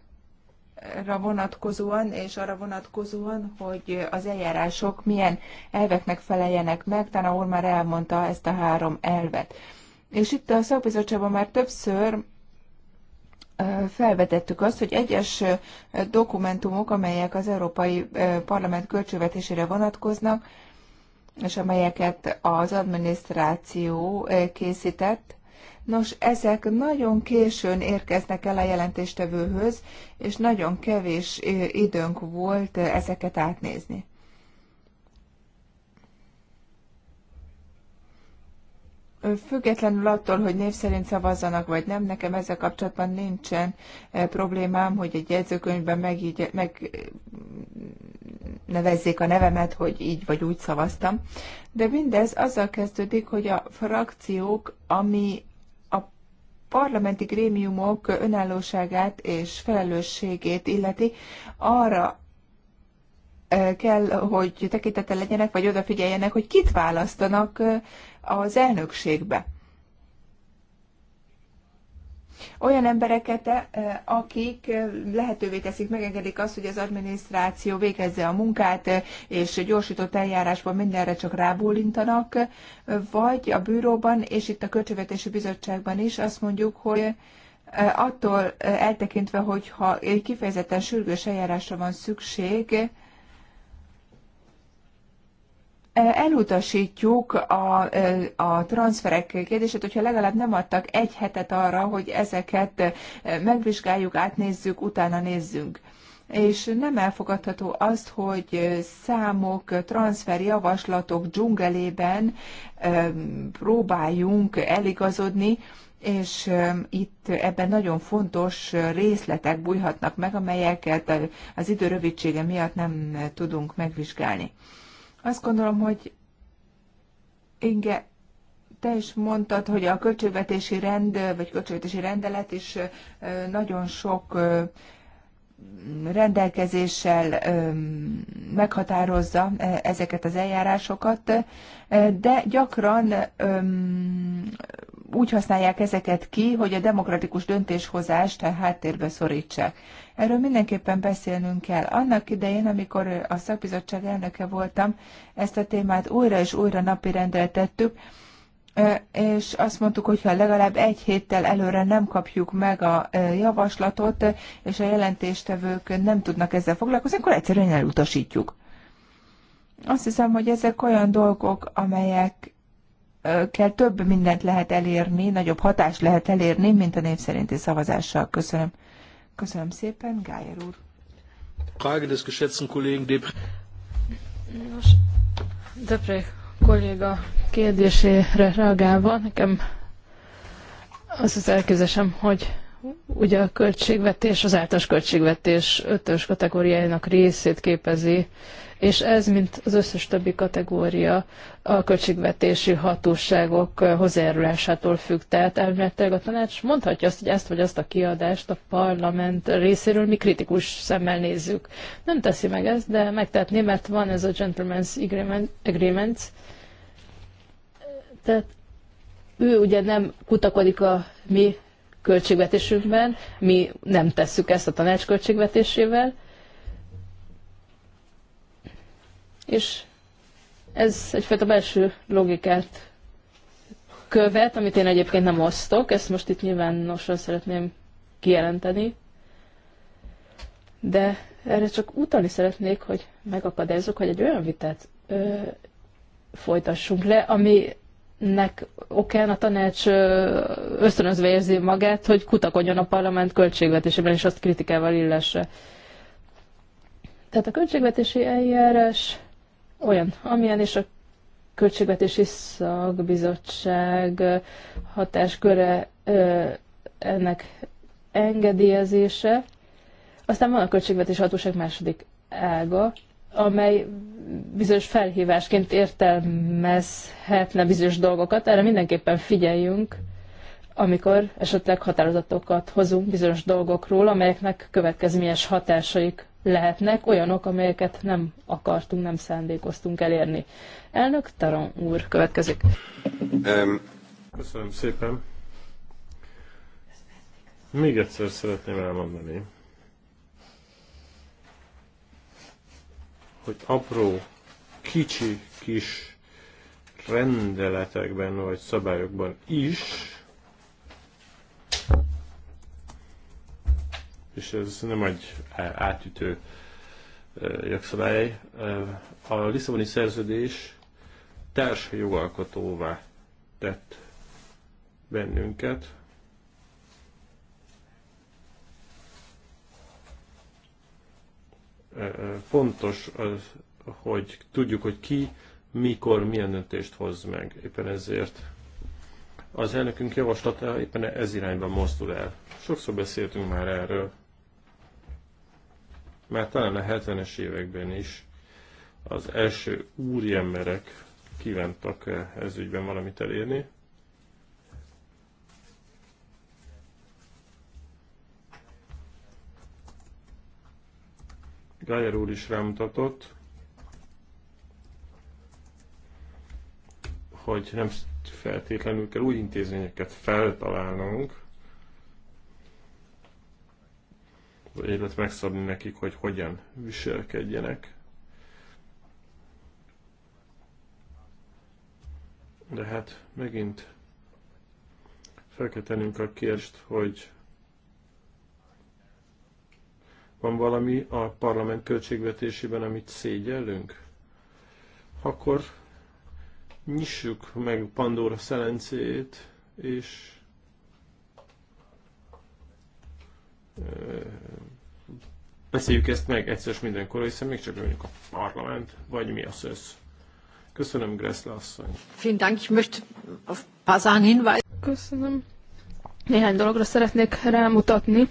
vonatkozóan, és arra vonatkozóan, hogy az eljárások milyen elveknek feleljenek meg, talán úr már elmondta ezt a három elvet. És itt a szakbizottságban már többször felvetettük azt, hogy egyes dokumentumok, amelyek az Európai Parlament költségvetésére vonatkoznak, és amelyeket az adminisztráció készített, Nos, ezek nagyon későn érkeznek el a jelentéstevőhöz, és nagyon kevés időnk volt ezeket átnézni. Függetlenül attól, hogy név szerint szavazzanak vagy nem, nekem ezzel kapcsolatban nincsen problémám, hogy egy jegyzőkönyvben megnevezzék meg a nevemet, hogy így vagy úgy szavaztam. De mindez azzal kezdődik, hogy a frakciók, ami a parlamenti grémiumok önállóságát és felelősségét illeti, arra kell, hogy tekintettel legyenek, vagy odafigyeljenek, hogy kit választanak az elnökségbe. Olyan embereket, eh, akik eh, lehetővé teszik, megengedik azt, hogy az adminisztráció végezze a munkát, eh, és gyorsított eljárásban mindenre csak rábólintanak, vagy a bűróban, és itt a Költségvetési Bizottságban is azt mondjuk, hogy attól eltekintve, hogyha kifejezetten sürgős eljárásra van szükség, elutasítjuk a, a transferek kérdését, hogyha legalább nem adtak egy hetet arra, hogy ezeket megvizsgáljuk, átnézzük, utána nézzünk. És nem elfogadható azt, hogy számok, javaslatok dzsungelében próbáljunk eligazodni, és itt ebben nagyon fontos részletek bújhatnak meg, amelyeket az idő rövidsége miatt nem tudunk megvizsgálni. Azt gondolom, hogy igen, te is mondtad, hogy a költségvetési rend, vagy költségvetési rendelet is nagyon sok rendelkezéssel meghatározza ezeket az eljárásokat, de gyakran úgy használják ezeket ki, hogy a demokratikus döntéshozást háttérbe szorítsák. Erről mindenképpen beszélnünk kell. Annak idején, amikor a szakbizottság elnöke voltam, ezt a témát újra és újra napirendre tettük, és azt mondtuk, hogy ha legalább egy héttel előre nem kapjuk meg a javaslatot, és a jelentéstevők nem tudnak ezzel foglalkozni, akkor egyszerűen elutasítjuk. Azt hiszem, hogy ezek olyan dolgok, amelyek kell több mindent lehet elérni, nagyobb hatást lehet elérni, mint a név szerinti szavazással. Köszönöm. Köszönöm szépen, Gájer úr. Frage des geschätzten Kollegen Nos, Depré kolléga kérdésére reagálva, nekem az az elképzelésem, hogy ugye a költségvetés, az általános költségvetés ötös kategóriájának részét képezi, és ez, mint az összes többi kategória, a költségvetési hatóságok hozzájárulásától függ. Tehát elméletileg a tanács mondhatja azt, hogy ezt vagy azt a kiadást a parlament részéről mi kritikus szemmel nézzük. Nem teszi meg ezt, de megtehetné, mert van ez a Gentleman's Agreement, agreement tehát ő ugye nem kutakodik a mi költségvetésünkben, mi nem tesszük ezt a tanács költségvetésével, és ez egyfajta belső logikát követ, amit én egyébként nem osztok, ezt most itt nyilvánosan szeretném kijelenteni, de erre csak utalni szeretnék, hogy megakadályozok, hogy egy olyan vitát ö, folytassunk le, ami nek okán a tanács ösztönözve érzi magát, hogy kutakodjon a parlament költségvetésében, és azt kritikával illesse. Tehát a költségvetési eljárás olyan, amilyen, is a költségvetési szakbizottság hatásköre ennek engedélyezése. Aztán van a költségvetési hatóság második ága, amely bizonyos felhívásként értelmezhetne bizonyos dolgokat, erre mindenképpen figyeljünk, amikor esetleg határozatokat hozunk bizonyos dolgokról, amelyeknek következményes hatásaik lehetnek, olyanok, amelyeket nem akartunk, nem szándékoztunk elérni. Elnök Taron úr következik. Köszönöm szépen. Még egyszer szeretném elmondani, hogy apró, kicsi, kis rendeletekben vagy szabályokban is, és ez nem egy átütő jogszabály, a Lisszaboni szerződés társ jogalkotóvá tett bennünket, fontos az, hogy tudjuk, hogy ki, mikor, milyen döntést hoz meg. Éppen ezért az elnökünk javaslata éppen ez irányban mozdul el. Sokszor beszéltünk már erről. mert talán a 70-es években is az első úriemberek kívántak ez valamit elérni. Gájer úr is rámutatott, hogy nem feltétlenül kell új intézményeket feltalálnunk, illetve megszabni nekik, hogy hogyan viselkedjenek. De hát megint fel kell tennünk a kérst, hogy Van valami a parlament költségvetésében, amit szégyellünk? Akkor nyissuk meg Pandora szelencét, és beszéljük ezt meg egyszer és mindenkor, hiszen még csak mondjuk a parlament, vagy mi a össz. Köszönöm, Gressle asszony. Vielen Dank, ich möchte auf paar Sachen hinweisen. Köszönöm. Néhány dologra szeretnék rámutatni.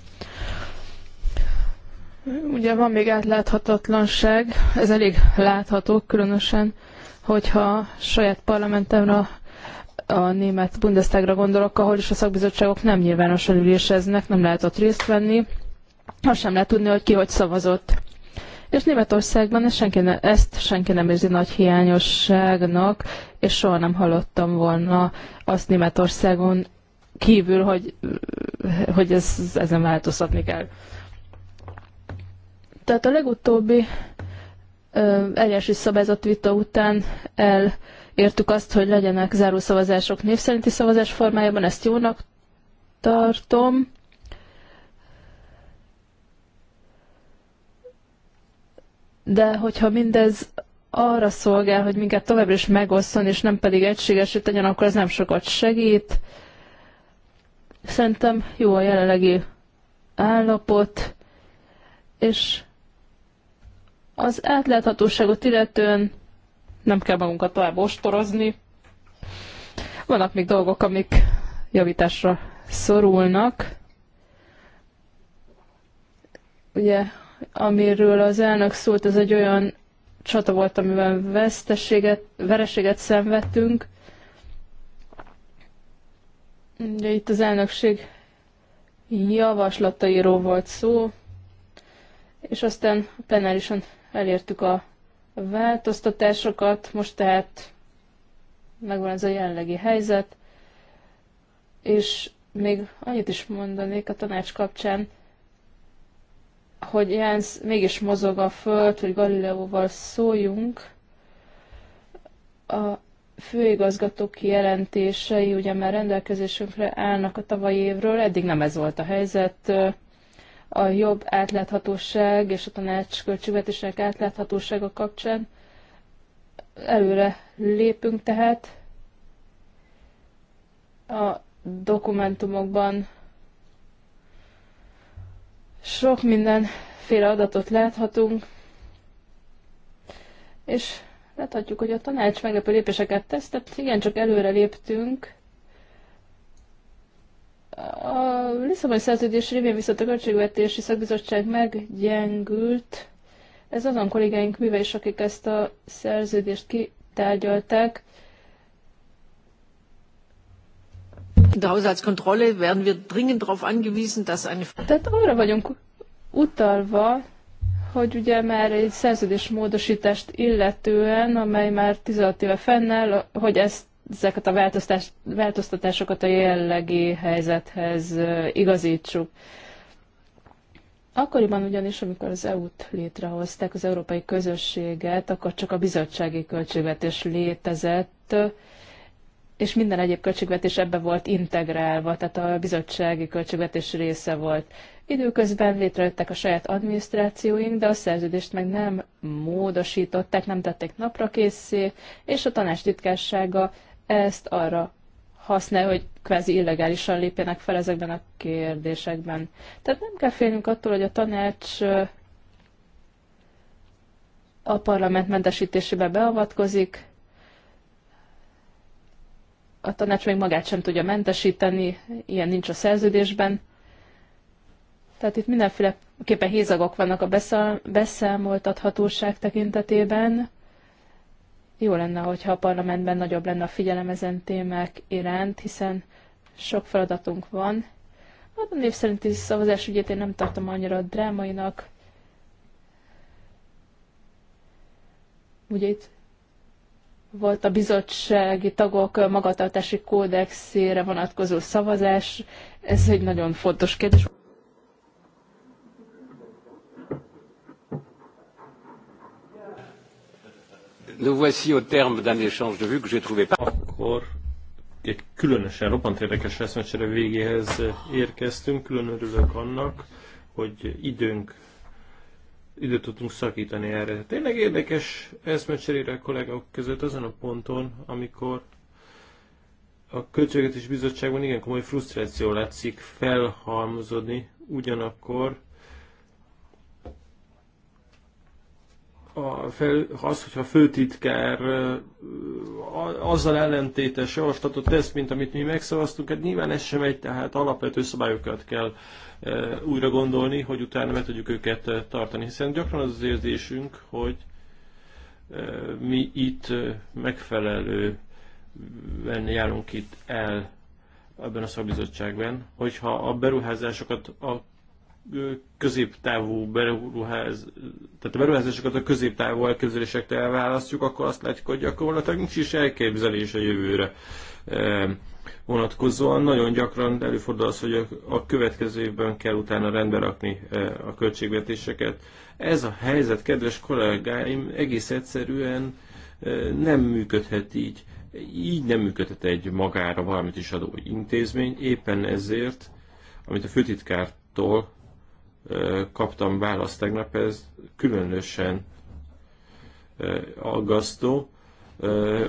Ugye van még átláthatatlanság, ez elég látható, különösen, hogyha saját parlamentemre a német Bundestagra gondolok, ahol is a szakbizottságok nem nyilvánosan üléseznek, nem lehet ott részt venni, azt sem lehet tudni, hogy ki hogy szavazott. És Németországban ezt senki, ne, ezt senki nem érzi nagy hiányosságnak, és soha nem hallottam volna azt Németországon kívül, hogy, hogy ez, ezen változtatni kell. Tehát a legutóbbi eljárási szabályzat vita után elértük azt, hogy legyenek zárószavazások név szerinti szavazás formájában, ezt jónak tartom. De hogyha mindez arra szolgál, hogy minket továbbra is megosszon, és nem pedig egységesít tegyen, akkor ez nem sokat segít. Szerintem jó a jelenlegi állapot, és az átláthatóságot illetően nem kell magunkat tovább ostorozni. Vannak még dolgok, amik javításra szorulnak. Ugye, amiről az elnök szólt, ez egy olyan csata volt, amiben veszteséget, vereséget szenvedtünk. Ugye itt az elnökség javaslatairól volt szó, és aztán penálison elértük a változtatásokat, most tehát megvan ez a jelenlegi helyzet, és még annyit is mondanék a tanács kapcsán, hogy Jánz mégis mozog a föld, hogy Galileóval szóljunk. A főigazgató kijelentései ugye már rendelkezésünkre állnak a tavalyi évről, eddig nem ez volt a helyzet, a jobb átláthatóság és a tanács költségvetésének átláthatósága kapcsán. Előre lépünk tehát. A dokumentumokban sok mindenféle adatot láthatunk, és láthatjuk, hogy a tanács meglepő lépéseket tesz, tehát igencsak előre léptünk, a Lisszaboni szerződés révén viszont a Költségvetési Szakbizottság meggyengült. Ez azon kollégáink műve is, akik ezt a szerződést kitárgyalták. De der Haushaltskontrolle werden wir dringend darauf angewiesen, dass eine... Tehát arra vagyunk utalva, hogy ugye már egy szerződésmódosítást illetően, amely már 16 éve fennáll, hogy ezt ezeket a változtatásokat a jellegi helyzethez igazítsuk. Akkoriban ugyanis, amikor az EU-t létrehozták, az európai közösséget, akkor csak a bizottsági költségvetés létezett, és minden egyéb költségvetés ebbe volt integrálva, tehát a bizottsági költségvetés része volt. Időközben létrejöttek a saját adminisztrációink, de a szerződést meg nem módosították, nem tették napra készé, és a tanács titkássága ezt arra használja, hogy kvázi illegálisan lépjenek fel ezekben a kérdésekben. Tehát nem kell félnünk attól, hogy a tanács a parlament mentesítésébe beavatkozik, a tanács még magát sem tudja mentesíteni, ilyen nincs a szerződésben. Tehát itt mindenféleképpen hézagok vannak a beszámoltathatóság tekintetében jó lenne, hogyha a parlamentben nagyobb lenne a figyelem ezen témák iránt, hiszen sok feladatunk van. Hát a név szerinti szavazás ügyét én nem tartom annyira drámainak. Ugye itt volt a bizottsági tagok magatartási kódexére vonatkozó szavazás. Ez egy nagyon fontos kérdés. nous voici au terme d'un échange de vues que j'ai trouvé pas. Akkor egy különösen roppant érdekes eszmecsere végéhez érkeztünk. Külön örülök annak, hogy időnk időt tudtunk szakítani erre. Tényleg érdekes eszmecserére a kollégák között azon a ponton, amikor a Költségvetés Bizottságban igen komoly frusztráció látszik felhalmozódni, ugyanakkor a fel, az, hogyha a főtitkár azzal ellentétes javaslatot tesz, mint amit mi megszavaztunk, hát nyilván ez sem egy, tehát alapvető szabályokat kell újra gondolni, hogy utána meg tudjuk őket tartani, hiszen gyakran az az érzésünk, hogy mi itt megfelelő járunk itt el ebben a szakbizottságban, hogyha a beruházásokat a középtávú beruház, tehát a beruházásokat a középtávú elképzelésektől elválasztjuk, akkor azt látjuk, hogy gyakorlatilag nincs is elképzelés a jövőre vonatkozóan. Nagyon gyakran előfordul az, hogy a következő évben kell utána rendbe rakni a költségvetéseket. Ez a helyzet, kedves kollégáim, egész egyszerűen nem működhet így. Így nem működhet egy magára valamit is adó intézmény, éppen ezért, amit a főtitkártól kaptam választ tegnap, ez különösen aggasztó.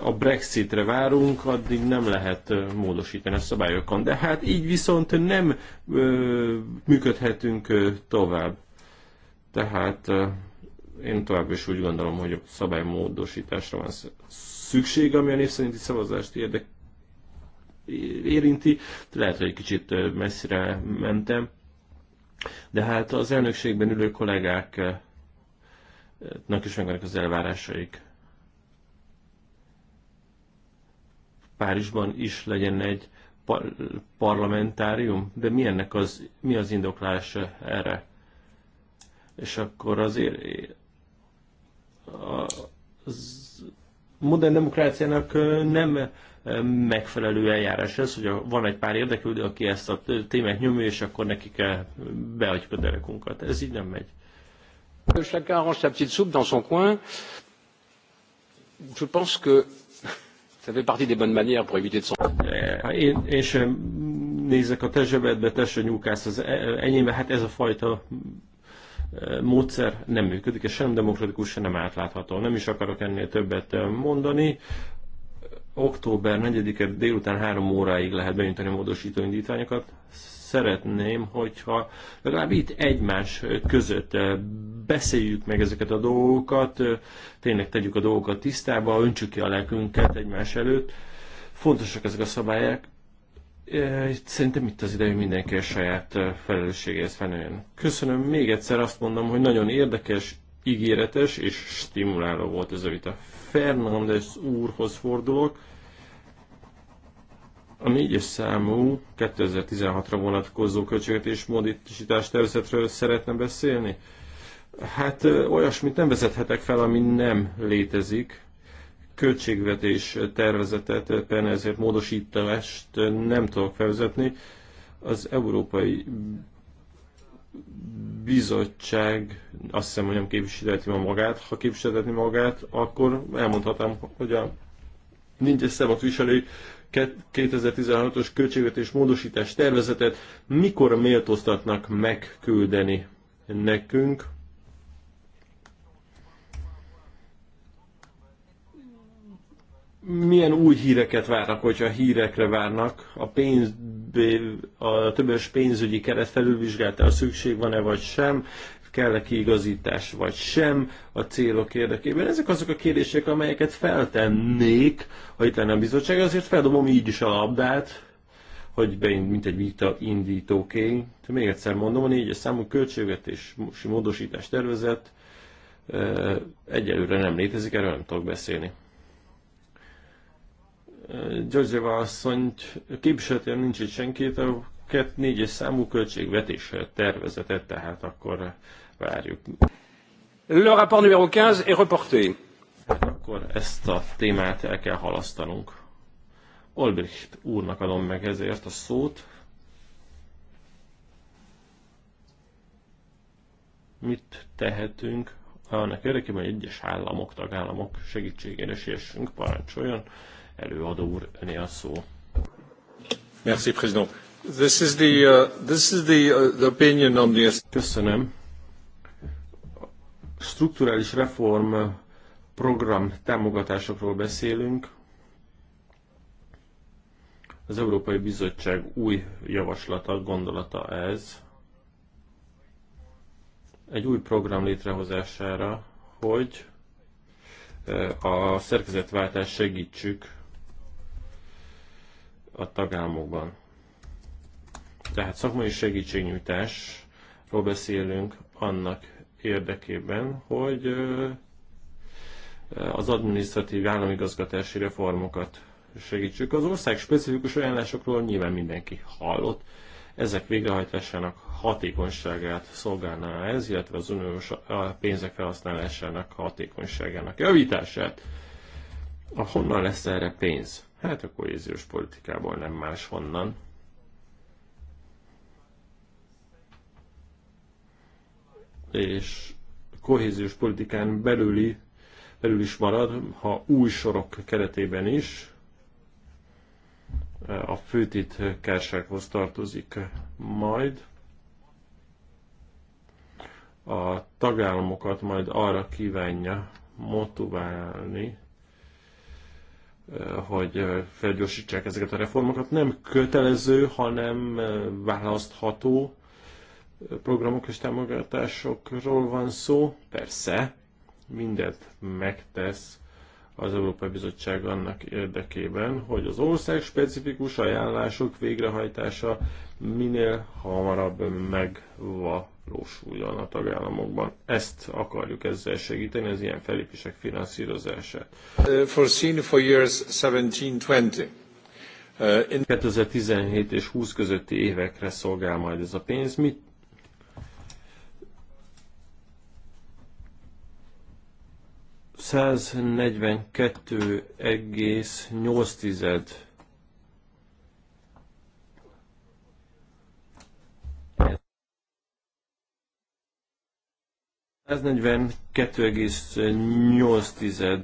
A Brexitre várunk, addig nem lehet módosítani a szabályokon. De hát így viszont nem működhetünk tovább. Tehát én tovább is úgy gondolom, hogy a szabálymódosításra van szükség, ami a népszerinti szavazást érdek, érinti. Lehet, hogy egy kicsit messzire mentem. De hát az elnökségben ülő kollégáknak is megvannak az elvárásaik. Párizsban is legyen egy par- parlamentárium, de mi, ennek az, mi az indoklás erre? És akkor azért az modern demokráciának nem megfelelő eljárás ez, hogy van egy pár érdeklődő, aki ezt a témát nyomja, és akkor neki kell beadjuk a derekunkat. Ez így nem megy. Chacun arrange sa petite soupe dans son coin. Je pense que ça fait partie des bonnes manières pour éviter de s'en... Én, én sem nézek a te zsebedbe, te se nyúlkálsz az e-, enyémbe, hát ez a fajta módszer nem működik, és sem demokratikus, sem nem átlátható. Nem is akarok ennél többet eh, mondani. Október 4-e délután 3 óráig lehet benyújtani a módosító indítványokat. Szeretném, hogyha legalább itt egymás között eh, beszéljük meg ezeket a dolgokat, eh, tényleg tegyük a dolgokat tisztába, öntsük ki a lelkünket egymás előtt. Fontosak ezek a szabályok, Szerintem itt az ideje mindenki a saját felelősségéhez felnőjön. Köszönöm, még egyszer azt mondom, hogy nagyon érdekes, ígéretes és stimuláló volt ez a vita. Fernandez úrhoz fordulok. A négyes számú 2016-ra vonatkozó költségvetés módosítás tervezetről szeretne beszélni? Hát olyasmit nem vezethetek fel, ami nem létezik költségvetés tervezetet, például ezért módosítást nem tudok felvezetni. Az Európai Bizottság azt hiszem, hogy nem képviselheti ma magát. Ha képviselheti magát, akkor elmondhatom, hogy a nincs szabad viselő 2016-os költségvetés módosítás tervezetet mikor méltóztatnak megküldeni nekünk, milyen új híreket várnak, hogyha hírekre várnak? A, pénz, a többes pénzügyi keret a szükség van-e vagy sem? kell-e kiigazítás vagy sem a célok érdekében. Ezek azok a kérdések, amelyeket feltennék, ha itt lenne a bizottság, azért feldobom így is a labdát, hogy beint, mint egy vita indítóként. Még egyszer mondom, a négyes számú költségvetési módosítás tervezet eh, egyelőre nem létezik, erről nem tudok beszélni. Györgyzeva asszonyt képviselőtől nincs itt senkit, a 4 négyes számú költségvetés tervezetet, tehát akkor várjuk. Le rapport numéro 15 est reporté. Hát akkor ezt a témát el kell halasztanunk. Olbricht úrnak adom meg ezért a szót. Mit tehetünk annak érdekében, hogy egyes államok, tagállamok segítségére sérsünk, parancsoljon. Előadó úr, öné a szó. Merci, président. This is the, uh, this is the, uh, the opinion on the... Köszönöm. Strukturális reform uh, program támogatásokról beszélünk. Az Európai Bizottság új javaslata, gondolata ez. Egy új program létrehozására, hogy uh, a szerkezetváltást segítsük a tagállamokban. Tehát szakmai segítségnyújtásról beszélünk annak érdekében, hogy az adminisztratív államigazgatási reformokat segítsük. Az ország specifikus ajánlásokról nyilván mindenki hallott. Ezek végrehajtásának hatékonyságát szolgálná ez, illetve az uniós pénzek felhasználásának hatékonyságának javítását. Honnan lesz erre pénz? Hát a kohéziós politikából nem máshonnan. És kohéziós politikán belüli, belül is marad, ha új sorok keretében is a főtitkársághoz tartozik majd. A tagállamokat majd arra kívánja motiválni, hogy felgyorsítsák ezeket a reformokat. Nem kötelező, hanem választható programok és támogatásokról van szó. Persze, mindent megtesz az Európai Bizottság annak érdekében, hogy az ország specifikus ajánlások végrehajtása minél hamarabb megva valósuljon a tagállamokban. Ezt akarjuk ezzel segíteni, az ilyen felépések finanszírozását. Uh, foreseen for years 17-20. 2017 uh, és 20 közötti évekre szolgál majd ez a pénz. Mit egész 142,8 142,8 eh,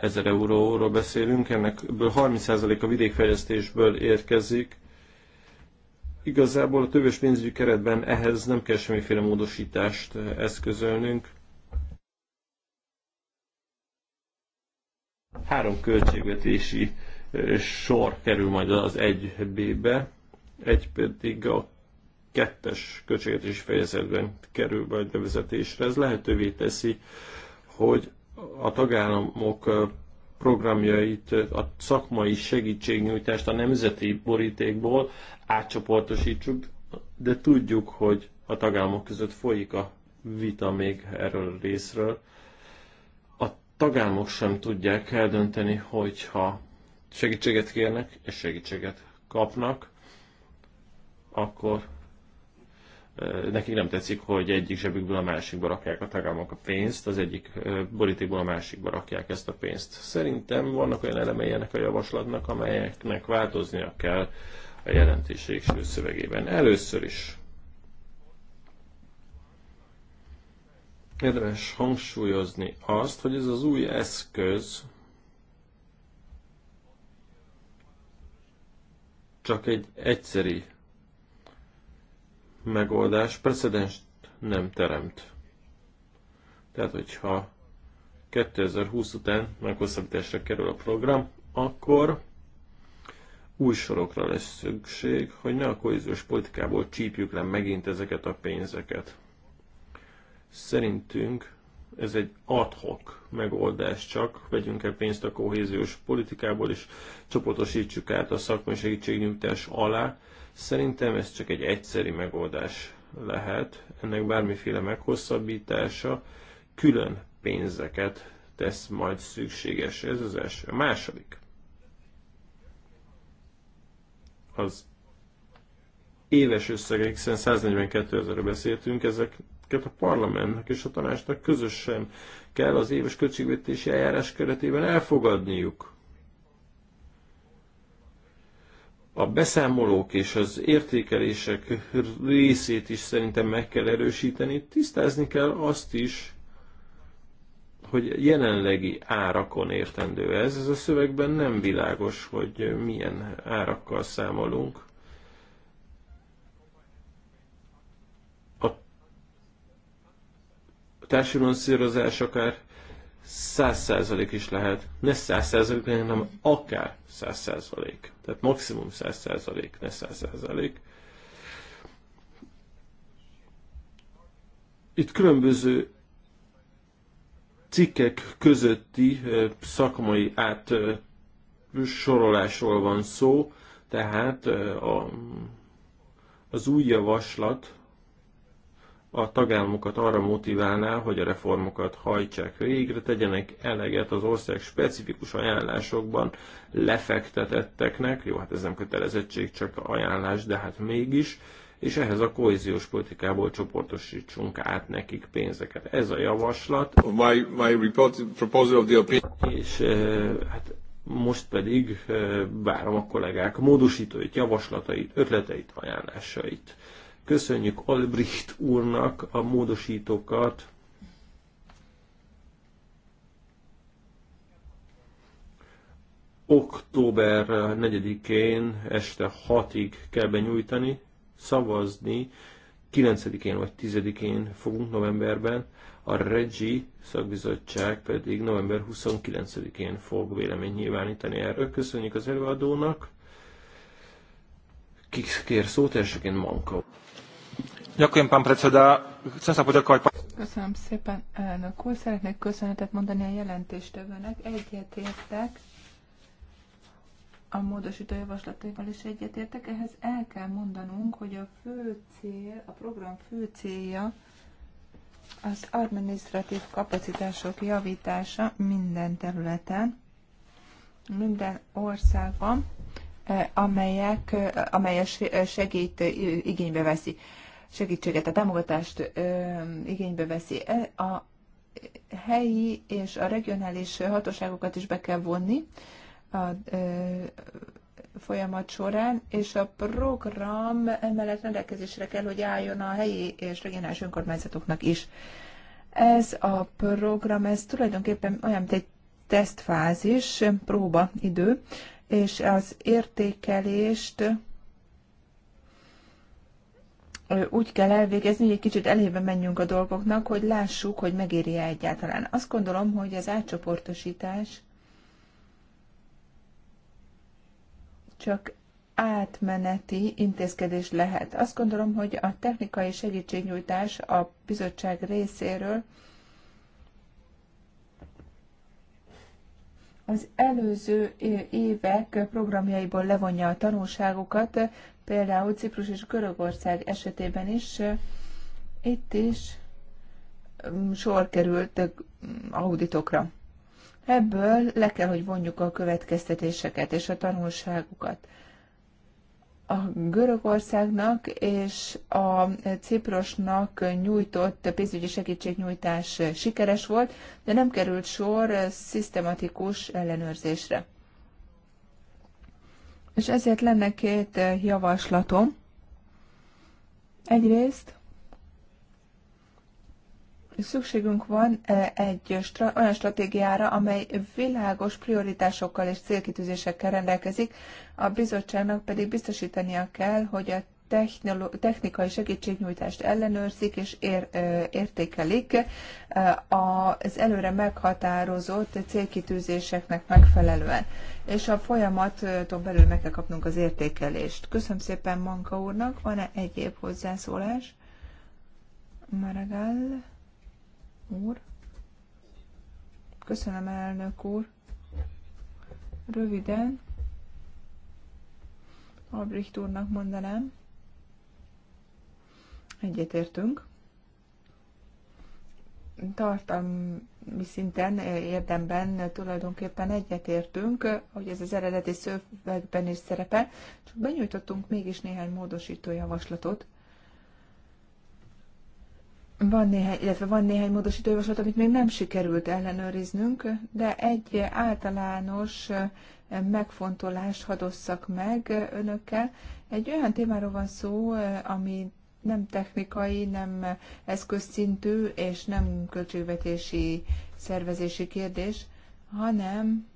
ezer euróról beszélünk, ennek 30% a vidékfejlesztésből érkezik. Igazából a tövös pénzügyi keretben ehhez nem kell semmiféle módosítást eh, eszközölnünk. Három költségvetési eh, sor kerül majd az 1B-be, egy pedig a kettes költségvetési fejezetben kerül majd bevezetésre. Ez lehetővé teszi, hogy a tagállamok programjait, a szakmai segítségnyújtást a nemzeti borítékból átcsoportosítsuk, de tudjuk, hogy a tagállamok között folyik a vita még erről a részről. A tagállamok sem tudják eldönteni, hogyha segítséget kérnek és segítséget kapnak, akkor nekik nem tetszik, hogy egyik zsebükből a másikba rakják a tagállamok a pénzt, az egyik borítékból a másikba rakják ezt a pénzt. Szerintem vannak olyan elemei ennek a javaslatnak, amelyeknek változnia kell a jelentés szövegében. Először is érdemes hangsúlyozni azt, hogy ez az új eszköz csak egy egyszeri megoldás precedenst nem teremt. Tehát, hogyha 2020 után meghosszabbításra kerül a program, akkor új sorokra lesz szükség, hogy ne a kohéziós politikából csípjük le megint ezeket a pénzeket. Szerintünk ez egy adhok megoldás csak, vegyünk el pénzt a kohéziós politikából, és csoportosítsuk át a szakmai segítségnyújtás alá, Szerintem ez csak egy egyszeri megoldás lehet. Ennek bármiféle meghosszabbítása külön pénzeket tesz majd szükséges. Ez az első. A második az éves összegek, hiszen 142 ezerre beszéltünk, ezeket a parlamentnek és a tanácsnak közösen kell az éves költségvetési eljárás keretében elfogadniuk. a beszámolók és az értékelések részét is szerintem meg kell erősíteni. Tisztázni kell azt is, hogy jelenlegi árakon értendő ez. Ez a szövegben nem világos, hogy milyen árakkal számolunk. A társadalomszírozás akár száz százalék is lehet. Ne száz százalék, hanem akár száz százalék. Tehát maximum száz százalék, ne száz százalék. Itt különböző cikkek közötti szakmai át sorolásról van szó, tehát a, az új javaslat a tagállamokat arra motiválná, hogy a reformokat hajtsák végre, tegyenek eleget az ország specifikus ajánlásokban lefektetetteknek, jó, hát ez nem kötelezettség, csak ajánlás, de hát mégis, és ehhez a kohéziós politikából csoportosítsunk át nekik pénzeket. Ez a javaslat. My, my report, proposal of the opinion. És e, hát most pedig e, várom a kollégák módosítóit, javaslatait, ötleteit, ajánlásait. Köszönjük Albrecht úrnak a módosítókat. Október 4-én este 6-ig kell benyújtani, szavazni, 9-én vagy 10-én fogunk novemberben, a Regi szakbizottság pedig november 29-én fog vélemény nyilvánítani erről. Köszönjük az előadónak! Kik kér szót, elsőként Manka. Ďakujem, pán predseda. Chcem sa poďakovať... Köszönöm szépen, elnök úr. Szeretnék köszönetet mondani a jelentéstevőnek. Egyetértek a módosító javaslataival is egyetértek. Ehhez el kell mondanunk, hogy a fő cél, a program fő célja az administratív kapacitások javítása minden területen, minden országban, eh, amelyek, eh, amelyes eh, segít igénybe veszi segítséget, a támogatást igénybe veszi. E, a helyi és a regionális hatóságokat is be kell vonni a folyamat során, és a program emellett rendelkezésre kell, hogy álljon a helyi és regionális önkormányzatoknak is. Ez a program, ez tulajdonképpen olyan, mint egy tesztfázis, próba idő, és az értékelést úgy kell elvégezni, hogy egy kicsit elébe menjünk a dolgoknak, hogy lássuk, hogy megéri -e egyáltalán. Azt gondolom, hogy az átcsoportosítás csak átmeneti intézkedés lehet. Azt gondolom, hogy a technikai segítségnyújtás a bizottság részéről az előző évek programjaiból levonja a tanulságokat, például Ciprus és Görögország esetében is, itt is sor került auditokra. Ebből le kell, hogy vonjuk a következtetéseket és a tanulságokat. A Görögországnak és a Ciprosnak nyújtott pénzügyi segítségnyújtás sikeres volt, de nem került sor szisztematikus ellenőrzésre. És ezért lenne két eh, javaslatom. Egyrészt szükségünk van eh, egy stra- olyan stratégiára, amely világos prioritásokkal és célkitűzésekkel rendelkezik, a bizottságnak pedig biztosítania kell, hogy a technikai segítségnyújtást ellenőrzik és ér, értékelik az előre meghatározott célkitűzéseknek megfelelően. És a folyamaton belül meg kell kapnunk az értékelést. Köszönöm szépen Manka úrnak. Van-e egyéb hozzászólás? Maragall úr. Köszönöm, elnök úr. Röviden. Albrecht úrnak mondanám. Egyetértünk. Tartalmi szinten, eh, érdemben tulajdonképpen egyetértünk, hogy ez az eredeti szövegben is szerepel, csak benyújtottunk mégis néhány módosító javaslatot. Van néhány, illetve van néhány módosító javaslat, amit még nem sikerült ellenőriznünk, de egy általános eh, megfontolást hadosszak meg önökkel. Egy olyan témáról van szó, eh, amit nem technikai, nem eszközszintű és nem költségvetési szervezési kérdés, hanem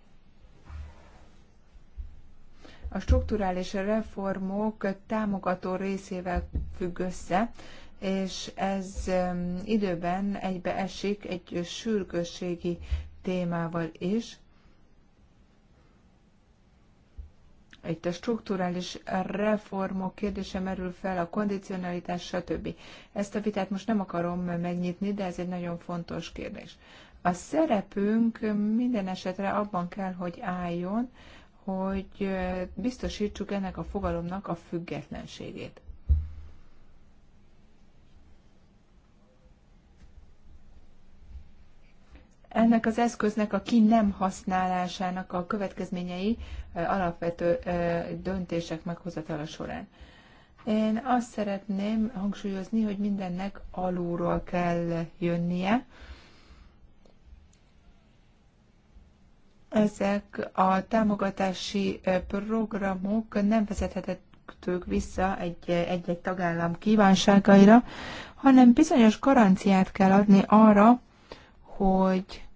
a strukturális reformok támogató részével függ össze, és ez időben egybeesik egy sürgősségi témával is, Itt a strukturális reformok kérdése merül fel, a kondicionalitás, stb. Ezt a vitát most nem akarom megnyitni, de ez egy nagyon fontos kérdés. A szerepünk minden esetre abban kell, hogy álljon, hogy biztosítsuk ennek a fogalomnak a függetlenségét. ennek az eszköznek a ki nem használásának a következményei alapvető döntések meghozatala során. Én azt szeretném hangsúlyozni, hogy mindennek alulról kell jönnie. Ezek a támogatási programok nem vezethetők vissza egy-egy tagállam kívánságaira, hanem bizonyos garanciát kell adni arra, hogy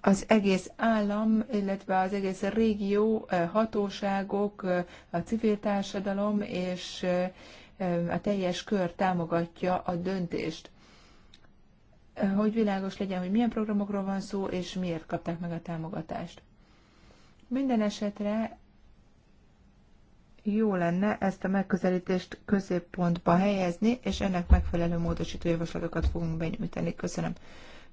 az egész állam, illetve az egész régió, eh, hatóságok, eh, a civil társadalom és eh, a teljes kör támogatja a döntést. Hogy világos legyen, hogy milyen programokról van szó, és miért kapták meg a támogatást. Minden esetre jó lenne ezt a megközelítést középpontba helyezni, és ennek megfelelő módosító javaslatokat fogunk benyújtani. Köszönöm.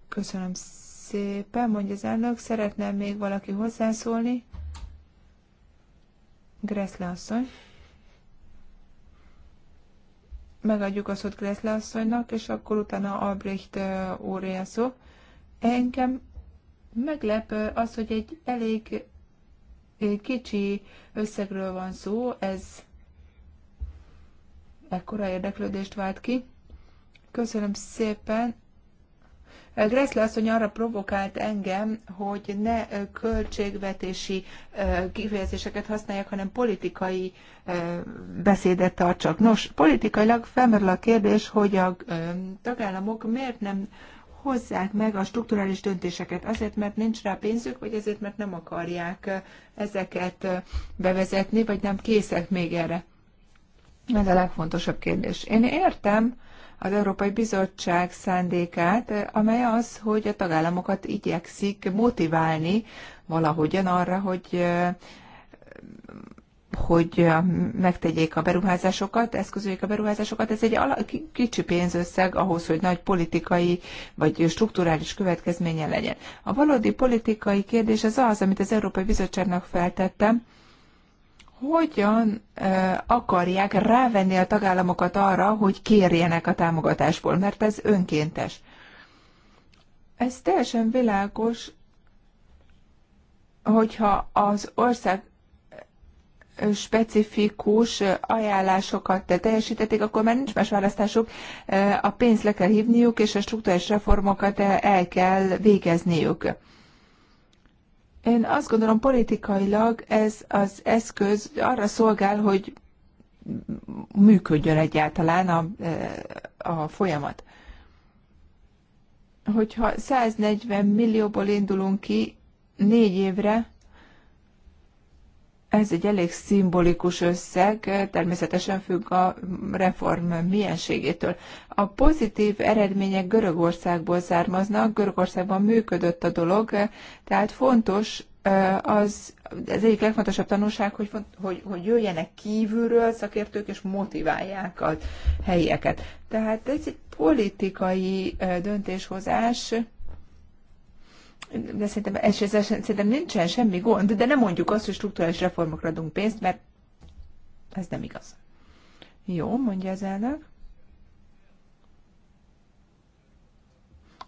Köszönöm szépen, mondja az elnök. Szeretne még valaki hozzászólni? Greszle asszony. Megadjuk a szót Greszle asszonynak, és akkor utána Albrecht úrja szó. Engem meglep az, hogy egy elég kicsi összegről van szó, ez ekkora érdeklődést vált ki. Köszönöm szépen. Eh, Gressle asszony arra provokált engem, hogy ne eh, költségvetési eh, kifejezéseket használjak, hanem politikai beszédet tartsak. Nos, politikailag felmerül a kérdés, hogy a tagállamok miért nem hozzák meg a strukturális döntéseket, azért, mert nincs rá pénzük, vagy azért, mert nem akarják ezeket bevezetni, vagy nem készek még erre. Ez a legfontosabb kérdés. Én értem az Európai Bizottság szándékát, amely az, hogy a tagállamokat igyekszik motiválni valahogyan arra, hogy hogy megtegyék a beruházásokat, eszközöljék a beruházásokat. Ez egy kicsi pénzösszeg ahhoz, hogy nagy politikai vagy strukturális következménye legyen. A valódi politikai kérdés az az, amit az Európai Bizottságnak feltettem, hogyan akarják rávenni a tagállamokat arra, hogy kérjenek a támogatásból, mert ez önkéntes. Ez teljesen világos, hogyha az ország specifikus ajánlásokat teljesítették, akkor már nincs más választásuk, a pénzt le kell hívniuk, és a struktúrális reformokat el kell végezniük. Én azt gondolom, politikailag ez az eszköz arra szolgál, hogy működjön egyáltalán a, a folyamat. Hogyha 140 millióból indulunk ki négy évre, ez egy elég szimbolikus összeg, természetesen függ a reform mienségétől. A pozitív eredmények Görögországból származnak, Görögországban működött a dolog, tehát fontos az, az egyik legfontosabb tanulság, hogy, hogy, hogy jöjjenek kívülről szakértők, és motiválják a helyieket. Tehát ez egy politikai döntéshozás, de szerintem, ez, szerintem nincsen semmi gond, de nem mondjuk azt, hogy struktúrális reformokra adunk pénzt, mert ez nem igaz. Jó, mondja az elnök.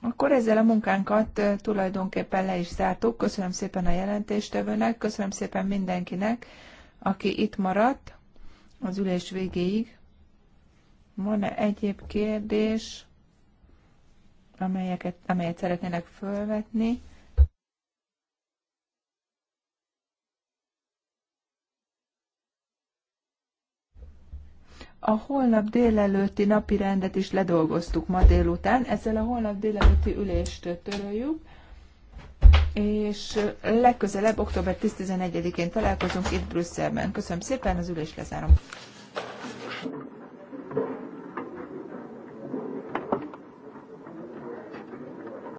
Akkor ezzel a munkánkat tulajdonképpen le is zártuk. Köszönöm szépen a jelentéstevőnek, köszönöm szépen mindenkinek, aki itt maradt az ülés végéig. Van-e egyéb kérdés? amelyeket, amelyet szeretnének fölvetni. A holnap délelőtti napi rendet is ledolgoztuk ma délután, ezzel a holnap délelőtti ülést töröljük, és legközelebb, október 10-11-én találkozunk itt Brüsszelben. Köszönöm szépen, az ülést lezárom.